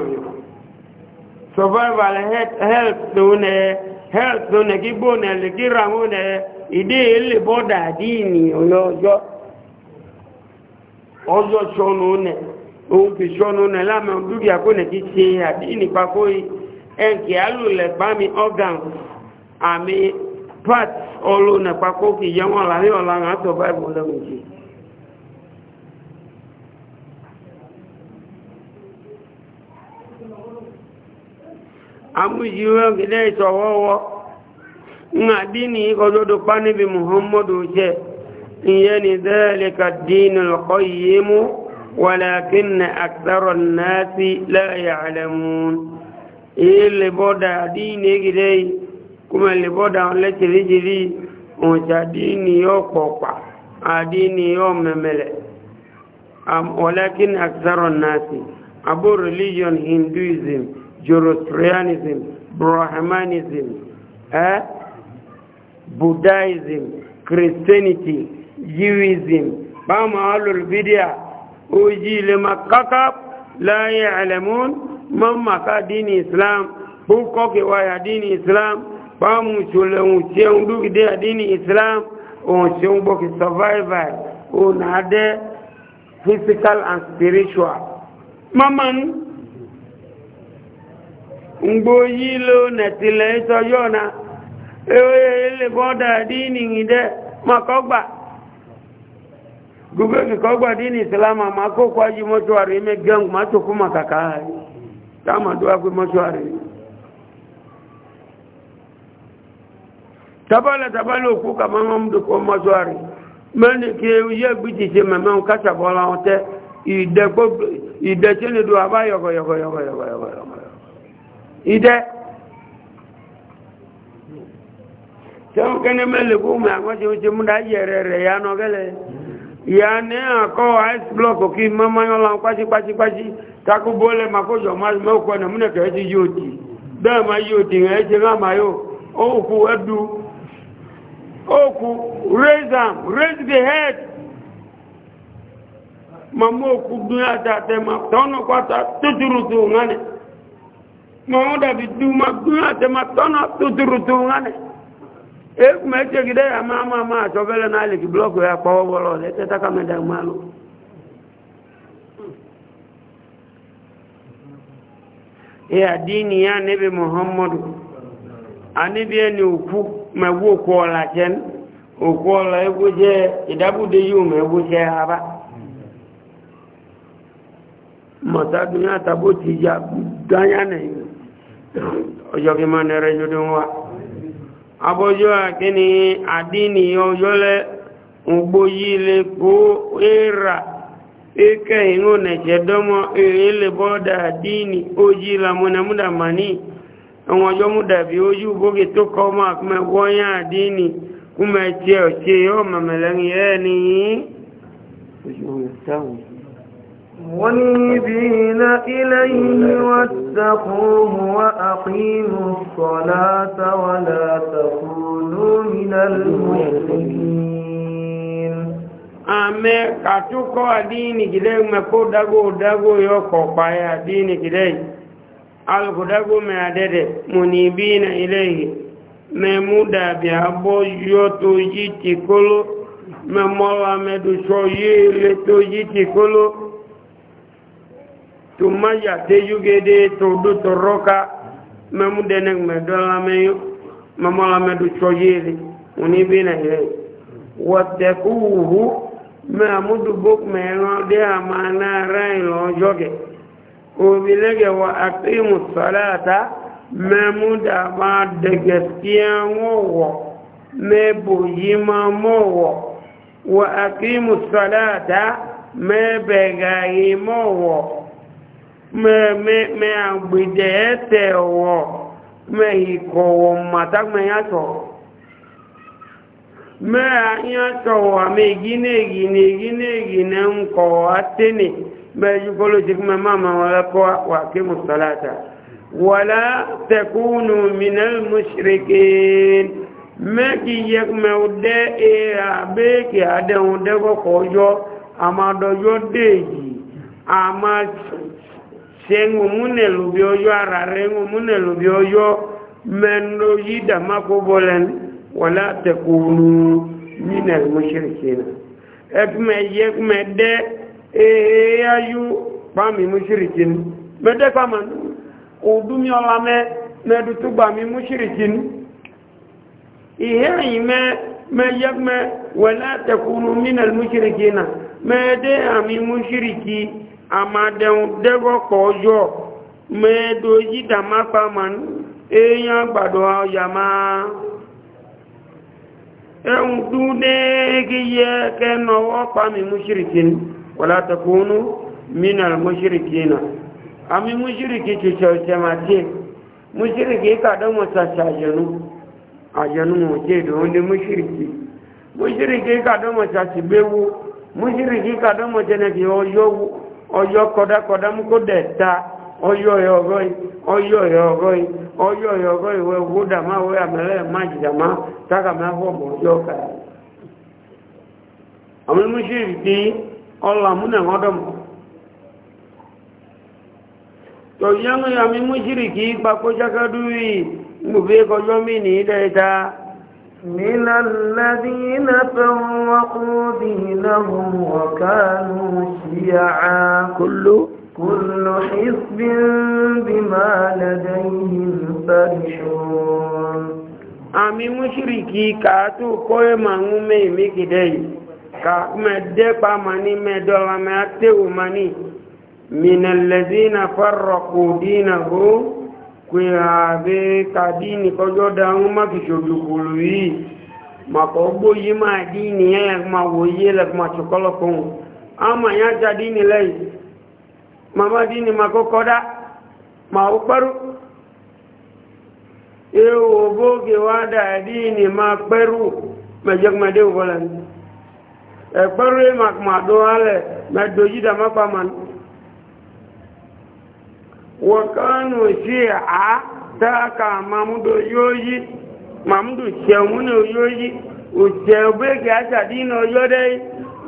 survival health lónẹ health lónẹ gbígbónẹ lè kíra múnẹ ìdí ilé bọ́dà díìnì ọjọ́ ọjọ́ ṣọ́nù nẹ ohun fi ṣọ́nù nẹ lámẹ́ dúkìá kó nẹ kí ṣe àdíìnì pakó ẹnkì alùlẹ̀ bámi organ àmì parts ọlọ́nà pakó kì yẹ́wọ́n láyé ọ̀la àwọn survival lẹ́wọ̀n jẹ́ amújíwọ́ gẹ́lẹ́ ìṣọ̀wọ́wọ́ ńà dínì ọdọ́dọ̀ pa muhammadu jẹ́ ìyẹ́ ni dhalika ad-dinul qayyim walakinna akthara an-nasi la ya'lamun ilẹ̀ bọ́dà nasi religion hinduism Zoroastrianism, Brahmanism, eh? Buddhism, Christianity, Judaism, báwọn alòlùbídíà ojí ilẹ̀ makaka láyé alẹ́mún mọ́màká dínì Islam, púpọ̀kẹ̀ wáyà dínì Islam, báwọn ìṣòlẹ̀hùn tí ẹun dúkìdé dínì Islam, òun tí ó ń gbọ́kì survival, òun àdẹ́ physical and spiritual. Mọ́mọ́ ní mgbe lo netile ịtọjọ na ewe elebọda dini ngide maka ọgba gbogbo kika ọgba dini islama ma kókó ají mọ́ṣúwárì ime gẹ́ngù ma tókú maka káàrí táàmàdúwà pé mọ́ṣúwárì tabala tabala òkú kàmá mọ́mdùkọ mọ́ṣúwárì mẹ́ni kí yẹ gbìtì ṣe mẹ́mẹ́ kásàbọ́lá wọn tẹ́ ìdẹ́kọ́ ìdẹ́tíni do àbá yọ̀gọ̀yọ̀gọ̀yọ̀gọ̀yọ̀gọ̀ idẹ tẹ́wọ́n kẹ́ni mẹ́lẹ̀ kó mẹ́ àwọn tí ó ti múdá yẹ̀rẹ̀ rẹ̀ ya nọ gẹ́lẹ̀ ya ní àkọ́ ice block kí mọ́mọ́ yọ́n lan pàṣí pàṣí pàṣí takú bọ́ọ̀lẹ̀ makójọ mẹ́kọ́ nà múnẹ̀ kẹ́ ti yóò tì bẹ́ẹ̀ ma yóò tì rẹ̀ ṣe ráàmà yóò ókú ẹdú ókú raise am raise the head mọ́mọ́ òkú dúnyà tàtẹ́ mọ́ tọ́nù pátá tútùrùtù ńlánìí mɔmɔ dàbí duma dun àtɛmà tɔnɔ tuturutu ŋanɛ e kuma e segin dɛ ama ama ama asɔfɛlɛ n'ale ki blɔk ya kpɔwɔ wɔlɔ lɛ tɛ taka mɛ dɛ ma lo. e adiini ya ne bɛ muhammadu ani bi ni o ku mɛ wo kɔɔla tɛn o kɔɔla ego jɛ idabu de yi o mɛ ego jɛ haba mɔta dunya tabo ti ja danya na yi. ojo ki ma nere nyudu wa abojo akini adini ojo le uboyi le ko era ike ingo ne jedomo ile boda adini oji la muna muda mani ojo muda bi oji ubo ki toko ma kume wanya adini kume che oche yo mamelangi eni Thank you. منيبين إليه واتقوه وأقيموا الصلاة ولا تكونوا من المشركين أمي كاتوكو أديني كده مكو داغو داغو يوكو بايا أديني كده ألكو داغو ما أدده منيبين إليه ممودا بيابو يوتو جيتي كله ممولا مدو شويه جيتي كله tuma yate yugede todo toroka memu denek medola meyo mamola medu choyeli uni bina ye watekuhu meamudu bok meno de amana rai lojoge obilege wa aqimu salata memuda ma degeskia ngowo mebo yima mo wa aqimu salata mebega yimowo me me me agbede ete wo me iko mata me yato me yato wa me gine gine gine gine nko atene me jukolo jik me mama wala ko wa kimu salata wala takunu min al mushrikin me ki yek me ude e abe ki ade ude ko kojo amadojo deji ama se ngumune lubi oyo arare ngumune lubi oyo mendo yida makobolen wala tekunu minal mushrikina ekme yekme de e ayu pami kama mede paman udumi olame medu tugba mi mushrikin ihe ime me yekme wala tekunu minal mushrikina mede ami mushriki amadeun dẹ́gọ́pọ̀ ọjọ́ mẹ́ẹ̀dọ́ yídà mápa ma ní èèyàn gbàdọ̀ ọjà máa ẹ̀hùn dúdé kí yẹ kẹ́nàwọ́ pàmì múṣìrìkín wọ́lá tẹkùnú mínàl múṣìrìkínà àmì múṣìrìkí tìṣẹ̀ ọ̀ṣẹ̀ máa tí múṣìrìkí kàdọ́mọ̀ sàṣà àjẹnú àjẹnú mọ̀ tí èdè ó lé múṣìrìkí múṣìrìkí kàdọ́mọ̀ sàṣìgbéwó múṣìrìkí kàdọ́mọ̀ tẹ́nẹ̀kì ọyọ́wó Ọyọ kọdakọda mú kó dẹ̀ ta ọyọ́ ẹ̀ ọ̀rọ̀ ọyọ ọyọ́ ẹ̀ ọ̀rọ̀ yìí ọyọ́ ẹ̀ ọ̀rọ̀ yìí wẹ́ dama dàmá wẹ́ àmẹ́lẹ́ má ká àwọn mùsùlùmí ti ọlọ àmúnà ọdọmọ àmì mùsùlùmí gbùgbé من الذين فرقوا دينهم وكانوا شيعا كل كل حزب بما لديهم فرحون àmì mùsùlùkì kàátù kọ́ ẹ máa ń mẹ́ ìmí kìdẹ́ yìí ká mẹ́ẹ̀dẹ́pà máa ní mẹ́ẹ̀dọ́ra mẹ́ẹ̀tẹ́wò máa ní mìnàlẹ́dínà fọ́rọ̀kù dínà hó kwe habe kadini kojo dangu makisho dukulu hii makobo yima dini yele kuma woye le kuma chokolo kong ama nyaja dini lei mama dini makokoda mauparu ewo boge wada dini makperu mejek madeu bolan ekperu emak madoale medoji damapaman wọ̀kánù sí à táàkà mamudo yóò yí mamudo ṣẹ̀wúnà yóò yí òṣè òbẹ́gẹ̀ àtàdínà yọ́dẹ́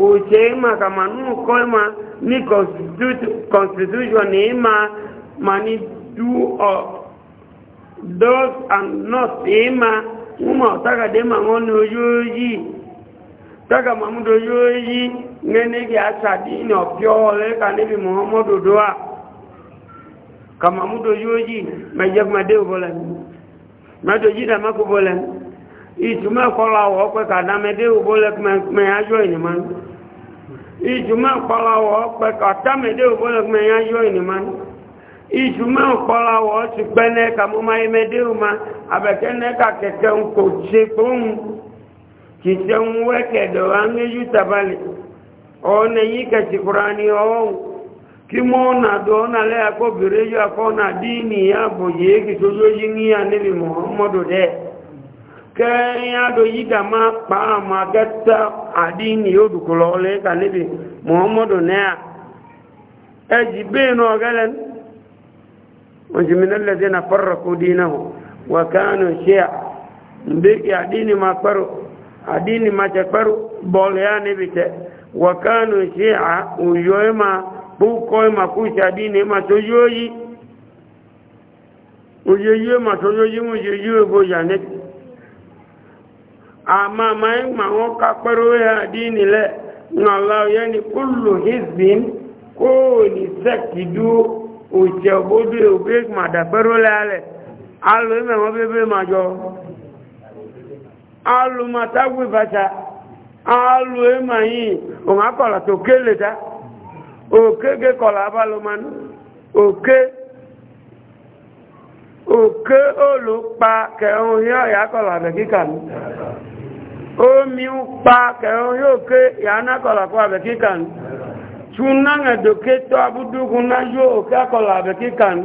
òṣè màkàmánú kọ́ ma ní constitution ní ma ma ní do or does and not ní ma wọ́n tágàdé màmúdo yóò yí tágà mamudo yóò yí ngẹ́nẹ́gẹ̀ àtàdínà pure lẹ́ka níbi kama mudo yoji majak madeu bolen mado jida mako bolen ituma kola wo ko kada medeu bolek me ajo ni man ituma kola wo ko kada medeu bolek me ajo ni man ituma kola wo ti gbene kama ma medeu ma abekene ka keke ko je pon ki je weke do ange yutabali o ne yi ka ti qurani o kí mọ́ na dọ́ na lẹ́ akọ́bìnrin yóò akọ́ na díìnì ààbò yìí kì tó yóò yí ní àníbi mọ́mọ́dò dẹ́ kẹ́yìn àdó yí dà máa pa àmà kẹta àdíìnì yóò na fọ́rọ̀ kó dínà hù wà kánú ṣe à mbẹ́kì àdíìnì máa pẹ́rù àdíìnì máa jẹ pẹ́rù bọ́ọ̀lù yá níbi kpokọ makwucha dị na ịmata oyi oyi oyeyi mata onye oyi nwe oyeyi oboja ne ama ma ma wọn ka kpẹrẹ oye adị nile ŋala oye ni kulu hizbin ko ni sekti du oche obodo obe ma da kpẹrẹ ole alẹ alu ime wọn bebe ma jọ alu mata gwe bata alu ema yi òun akọlọtọ kele ta òkèké kọ̀lá abálòmánú òkè òkè olùpa kẹrùn yóò ya kọ̀lá àbẹ̀kíkà ní omi ń pa kẹrùn yóò ké yàáná kọ̀lá kọ́ àbẹ̀kíkà ní túnáà ẹ̀dọ̀kẹ́ tó abúdúkú náà yóò òkè kọ̀lá àbẹ̀kíkà ní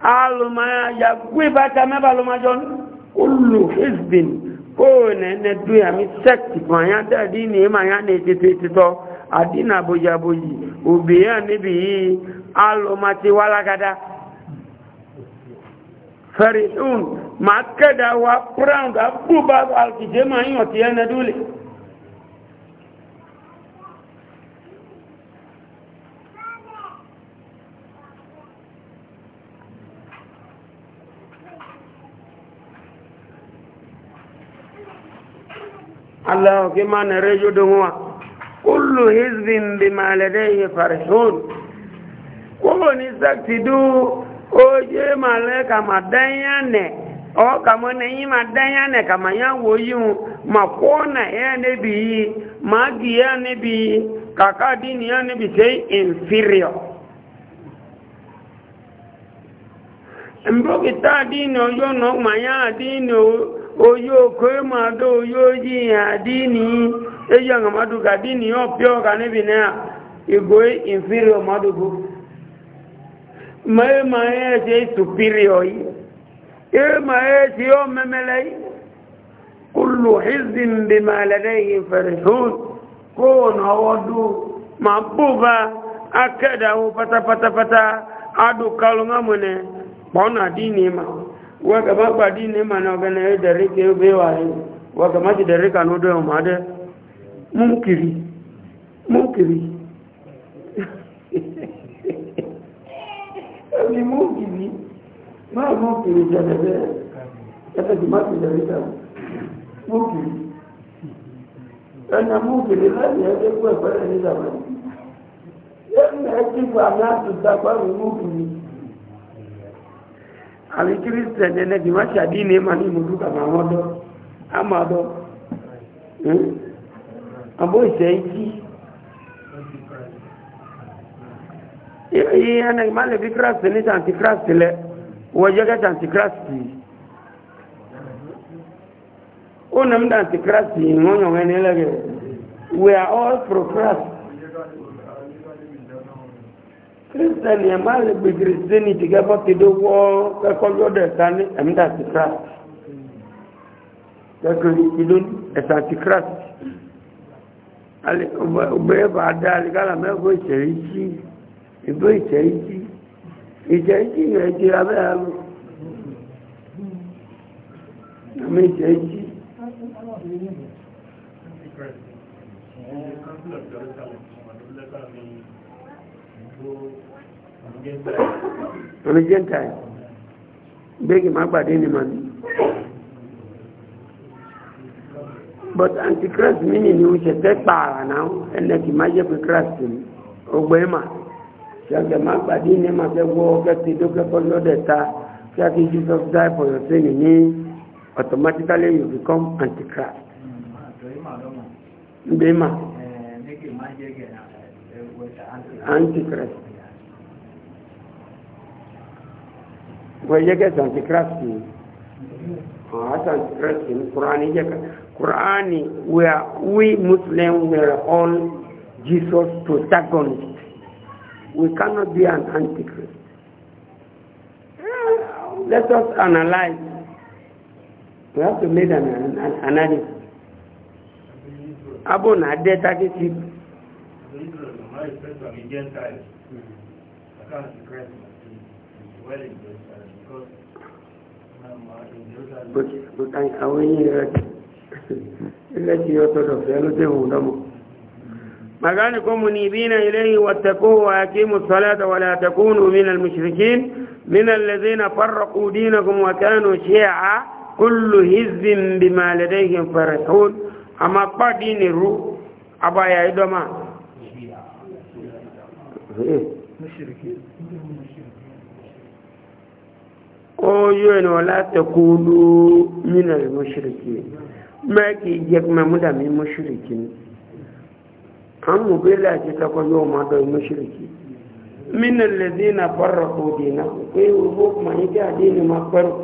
alùmọ̀ yàgbé bàtà mẹ́bà ló máa jọ ní olù hezbin kó nẹ́nẹ́ dúé àmì sẹ́kì màyá dàdí ní màyá ní ètètè títọ́ àdínà bòjàbòjì òbíyàn níbi yìí alùmọ̀ wa proud àbúbá alkìjẹ́ máa yàn ti الله كما نرجو دموا كل حزب بما لديه فرحون كل نسك تدو oje male kama danyane o kama neyi ma danyane kama ya woyun ma kona ya nebi ma gi ya nebi kaka dini ya nebi say inferior mbo kita dini oyo no ma ya dini o oyi okoe ma do oyi oji ya dini eji anga madu ka dini yo pio ka nebi ne ya igoe inferior madu bu mae ma ye je superior yi e ma ye je yo memele yi kullu hizbin bima ladayhim farihun ko na wodu mabuba akada wo pata pata pata adu kalunga mune bona dini ma waka ba ba di ne mana ga na da rike be waye ma da rika no do ma de munkiri munkiri ni munkiri ma munkiri da ne da ta ji ma da rika munkiri ana munkiri la ne da ko fara ni da ba yan ne ki ba àmì kírísítẹ̀ nẹ́nẹ́ bí wọ́n ṣàdí ní ma ní ìmúdú kàmà àwọn ọdọ́ a máa dọ́ àbó ìṣẹ́ ìkí yìí ẹnà ìmálẹ̀ bí kírísítẹ̀ ní tàǹtíkírísítẹ̀ lẹ wọ́n kẹ́ tàǹtíkírísítẹ̀ ó nà ń tàǹtíkírísítẹ̀ ìwọ̀n yàn wẹ́n nílẹ̀ we are all pro Christ kírísítẹ́nì ẹ̀ máa lè gbé kírísítẹ́nì ti kẹ́kọ́ kéde wọ́ kẹ́kọ́ yọ́dọ̀ ẹ̀ta ní ẹ̀mídà ti kíráàsì kẹ́kọ́ ìlú ẹ̀ta ti kíráàsì ọgbẹ́ ẹ̀bà adá alikálà mẹ́fọ́ ìṣẹ̀rí sí ìbó ìṣẹ̀rí sí ìṣẹ̀rí sí ìrẹ̀ ti abẹ́ àlọ́ àmì ìṣẹ̀rí Thank you. oní gentile gbégi má gbàdé ni ní but antichrist mini ni wọ́n ṣe fẹ́ pààrà náà ẹnẹ́kì má jẹ́ pé christ ni ọgbẹ́ mà ṣàgbẹ̀ má gbàdé ni mà fẹ́ wọ́ kí a kí jesus die for your sin ní automatically you become antichrist. ǹdẹ́ eh, mà uh, antichrist. wai ya ga santi Ah, a santi kraski qur'ani ya we are we muslim we are all jesus protagonists we cannot be an antichrist ah, let us analyze we have to make an, an, an analysis abo na de taki ti Gentiles. I مكانكم منيبين إليه واتقوه وأقيموا الصلاة ولا تكونوا من المشركين من الذين فرقوا دينكم وكانوا شيعا كل هز بما لديهم فرحون أما قدين الروح أبا يا إدما مشركين oyo ẹni wọn láti kú ló nínú ẹ̀ mọ́ṣíríkì mẹ́ẹ̀kì jẹ́ pé mẹ́múdà mi ni àwọn òbí láti sọ́kọ́ yóò máa dọ̀ mọ́ṣíríkì من الذين فرقوا دينهم في وفوق ما يجا دين ما فرق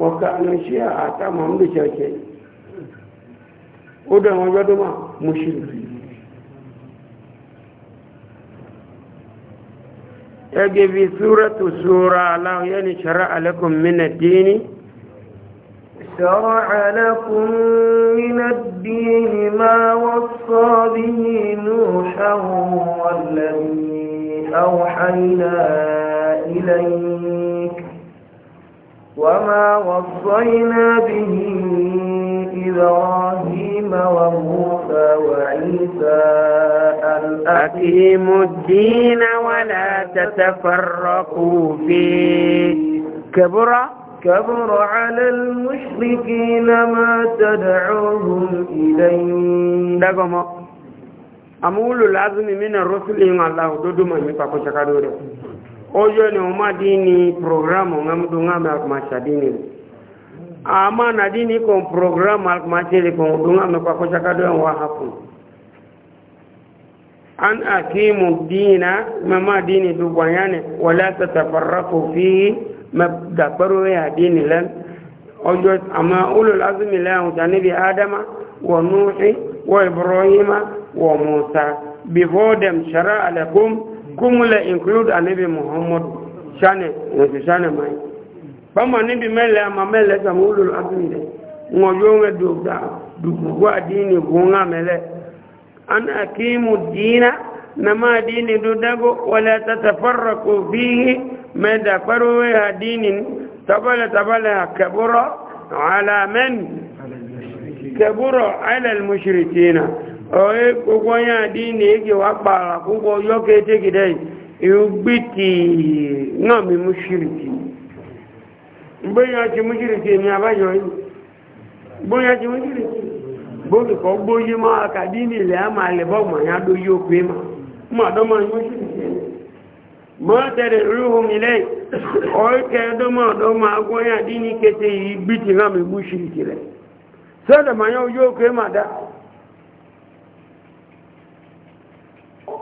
وكانوا شيعا تمام بشيء ودعوا جدما مشركين يجي في سورة سورة الله يعني شرع لكم من الدين شرع لكم من الدين ما وصى به نوحا والذي أوحينا إليك وما وصينا به إبراهيم وموسى وعيسى أن أقيموا الدين ولا تتفرقوا فيه كبر كبر على المشركين ما تدعوهم إليه دقم أمول لازم من الرسل إن الله دودو ما يفاكو شكادو ojo ni o ma dini programu ngamudu ngame akumasha ama na dini ko program al matili ko dunga me kwa kocha kado wa hapu an akimu dina mama dini du bayane wala tatafarraqu fi mabda paru ya dini lan ojo ama ulul azmi la tanibi adama wa nuhi wa ibrahima wa musa before them shara alakum kumula include anabi muhammad shane wa shane mai bama níbi mẹ́lẹ̀ àmà mẹ́lẹ̀ sàmú ó lòlò ábí rẹ̀ wọ́n yóò rẹ̀ dògbà dùgbùgbò àdínì gún àmẹ́lẹ̀ anákímù dínà na máa dínì dúdágó wọlé tàtàfàrà kò bí i mẹ́dà fárówé àdínì tabalẹ̀ tabalẹ̀ kẹbúrọ̀ alamẹ́n kẹbúrọ̀ alẹ́lmùsìrìtìnà ọ̀rẹ́ gbogbo yẹn àdínì èkè wà pààrà púpọ̀ yọ́kẹ́ tẹ́kìdẹ́ ìrúgbìtì náà mímú sírìtìnà gbóyàn ti mú jìrìtì èmi àbáyọ yìí gbóyàn ti mú jìrìtì gbóyàn kọ́ gbóyé mọ́ àkàdí ní ilẹ̀ àmà àlẹ́bọ̀ mọ̀nyá ló yóò pé mà mọ́ àdọ́mọ́ ni mú jìrìtì èmi tẹ̀lé lẹ́yìn ọ̀ọ́kẹ́ dín ní kété yìí ti rán mi mú rẹ̀ sọ́dọ̀ yóò pé dá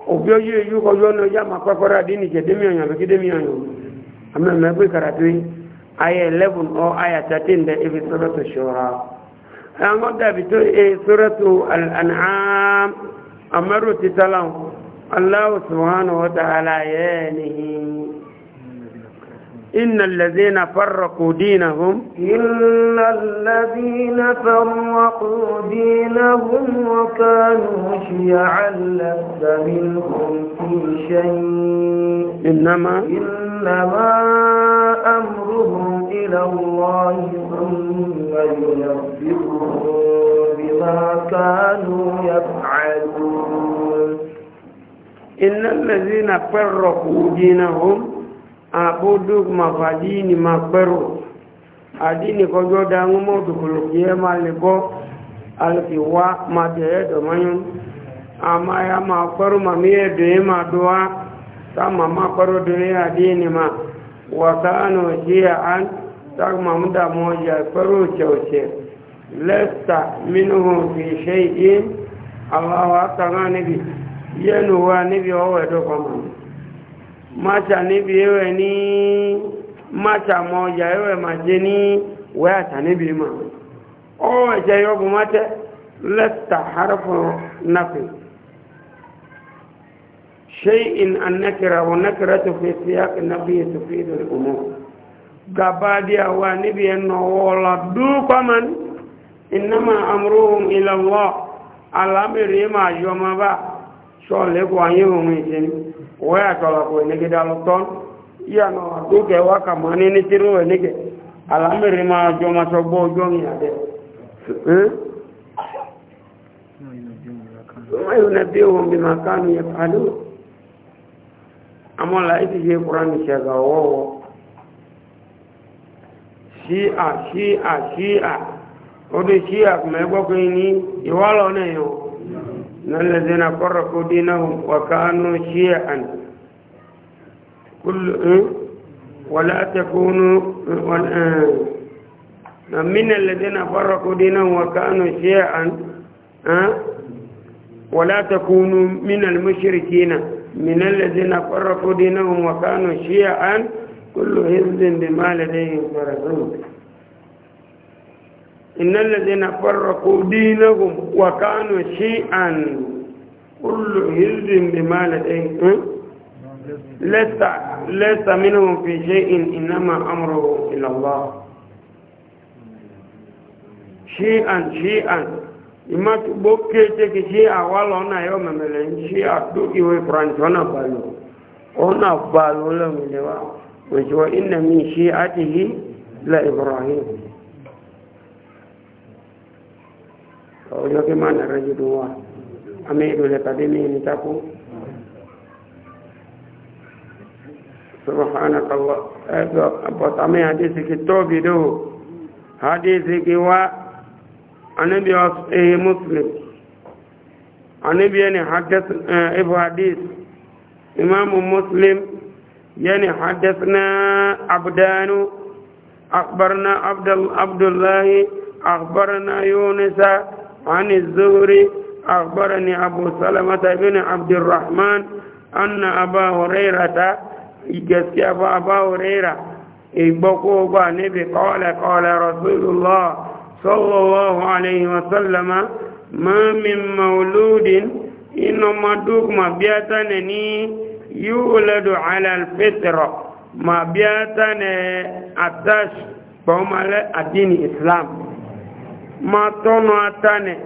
òbí aya 11 or aya 13 da ibi suratu shura an wadda bito e eh, suratu al'an'am amaru titalan Allah subhanahu wa ta'ala ya إن الذين فرقوا دينهم إن الذين فرقوا دينهم وكانوا شيعا لست منهم في شيء إنما إنما أمرهم إلى الله ثم ينبئهم بما كانوا يفعلون إن الذين فرقوا دينهم أبدوا مفادين مقبروا أديني كجو دانو موتو كلوكيه مالكو alkiwa ma tẹ̀yẹ́ dọ̀mọ́yún àmà ya ma kọ́rù màmí ẹ̀dọ̀ yẹ́ ma dọ́wàá sama makwaro duniya dini ma wa ano jiya an sama muda moja kwaro kyauce lesta minuhu fi shay'in allahu akana nibi yenuwa nibi owe doko ma macha nibi ewe ni macha moja ewe maje ni weata nibi ma owe jayobu mate lesta harfu nafi shay'in annakira wa nakiratu fi siyaq nabiy tufidu al-umur gabadia wa nabiy nawala dukaman inma amruhum ila Allah alamiri ma yoma ba so le ko ayin mi tin wa ya kala ko ni gidalo ton ya no duke wa kamani ni tiru ni ke alamiri ma joma so bo jomi ade eh ثم ينبئهم بما كانوا يفعلون amọ́la ìdí yé kúránì ṣẹ̀gà ọwọ́wọ́ ṣíà ṣíà ṣíà ó dé ṣíà mẹ́gbọ́kọ́ ní ìwálọ́ náà yọ lẹ́lẹ́dẹ́nà kọ́rọ̀kọ́ dínà wàkánú ṣíà àn wàlá àtẹkùnú na mina lẹ́dẹ́nà kọ́rọ̀kọ́ dínà wàkánú ṣíà àn wàlá àtẹkùnú من الذين فرقوا دينهم وكانوا شيعا كل حزب بما لديهم فرحون إن الذين فرقوا دينهم وكانوا شيعا كل حزب بما لديهم لست لست منهم في شيء إنما أمره إلى الله شيئا شيئا Ima tu kì í ṣe awal ona ayọ́ mẹ̀mẹ̀lẹ̀ ń ṣe àdó ìwé balu ona balu ọ̀nà balò lẹ́mìnira inna òṣùwọ̀ iná mi ṣe àtìyí lẹ́ ibrahim ọjọ́ kí máa nàrẹ́ jù itu wa tadi ni tàbí mi ní takú سبحانك الله أبطأ من حديثك video hadis حديثك وعلى anabi of a muslim anabi yani hadith ibu hadith imam muslim yani hadithna abdanu أخبرنا عبد عبد الله أخبرنا يونس عن الزهري أخبرني أبو سلمة بن عبد الرحمن أن أبا هريرة يجسي أبا هريرة يبقوا نبي قال قال رسول الله صلى الله عليه وسلم ما من مولود إنما دوكما بياتنني يولد على الفطرة ما بياتن أتاش فهم الدين الإسلام ما تونو أتاني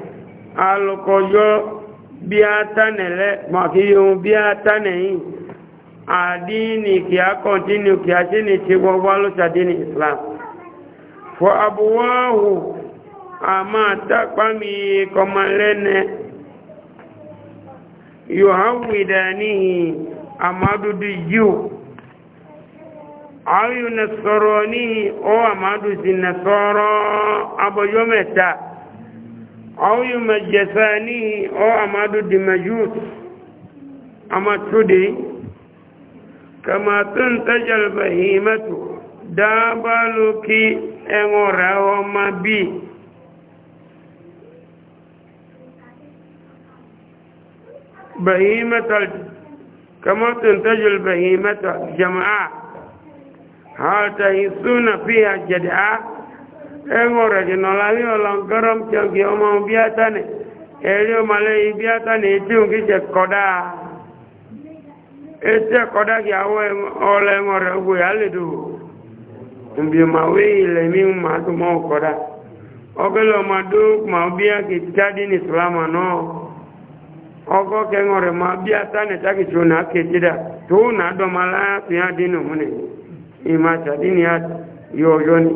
alùkọjọ́ bí a tánẹ̀lẹ́ màkíyàn bí a tánẹ̀yìn àdínì kí a kọ̀ntínú kí a sí ni ama takpami kọmalẹnẹ yohawidanihi amadudu yiw ayu nasọrọnihi o amadusi nasọrọ abọyọmẹta ayu majẹsanihi o amadudu majus amatudi kama tun tajal bahimatu daabaluki ẹŋọrẹ ọma bii بهيمة كما تنتج البهيمة جماعة هل تهيسون فيها جدعة أمور جنالي ولن كرم تنكي أمام بياتاني إليو مالي بياتاني تنكي تكودا إتيا كودا كياوة أولا أمور أبو يالدو أمبي ماوي لمي ماتو مو كودا أوكي لو مادوك ماوبيا كتادين إسلاما نو ọgọ́ kẹwọn rẹ̀ máa bí atánẹ̀ tákìtì ọ̀nà kẹtìdà tó nà dọ́mà láàfin àdínà múnẹ̀ ìmà sàdínì yọ̀ọ̀yọ́ ni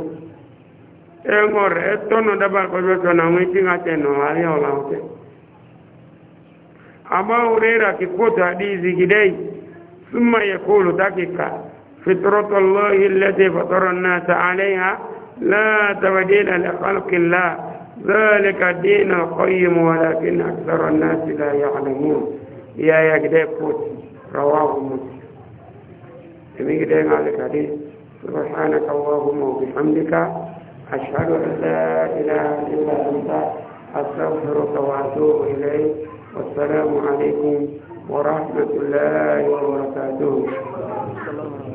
ẹwọn rẹ̀ tọ́nà dábà kọjọ́ sọ̀nà àwọn etí ń àtẹnà àríyá ọ̀la ọ̀tẹ̀ àbáwọ̀rẹ́ rà kí kóòtù àdí ìzìgídẹ́ yìí súnmọ́ yẹ kóòlù tákìkà fìtọ́rọ́tọ̀ lọ́ọ́ ilẹ̀ tẹ̀ fọ́tọ́rọ̀ náà ta àlẹ́ yà látàbàdé ìlànà kálùkìlá ذلك الدين القيم ولكن أكثر الناس لا يعلمون يا يكدي قوتي رواه مسلم من كده مالك سبحانك اللهم وبحمدك أشهد أن لا إله إلا أنت أستغفرك وأتوب إليك والسلام عليكم ورحمة الله وبركاته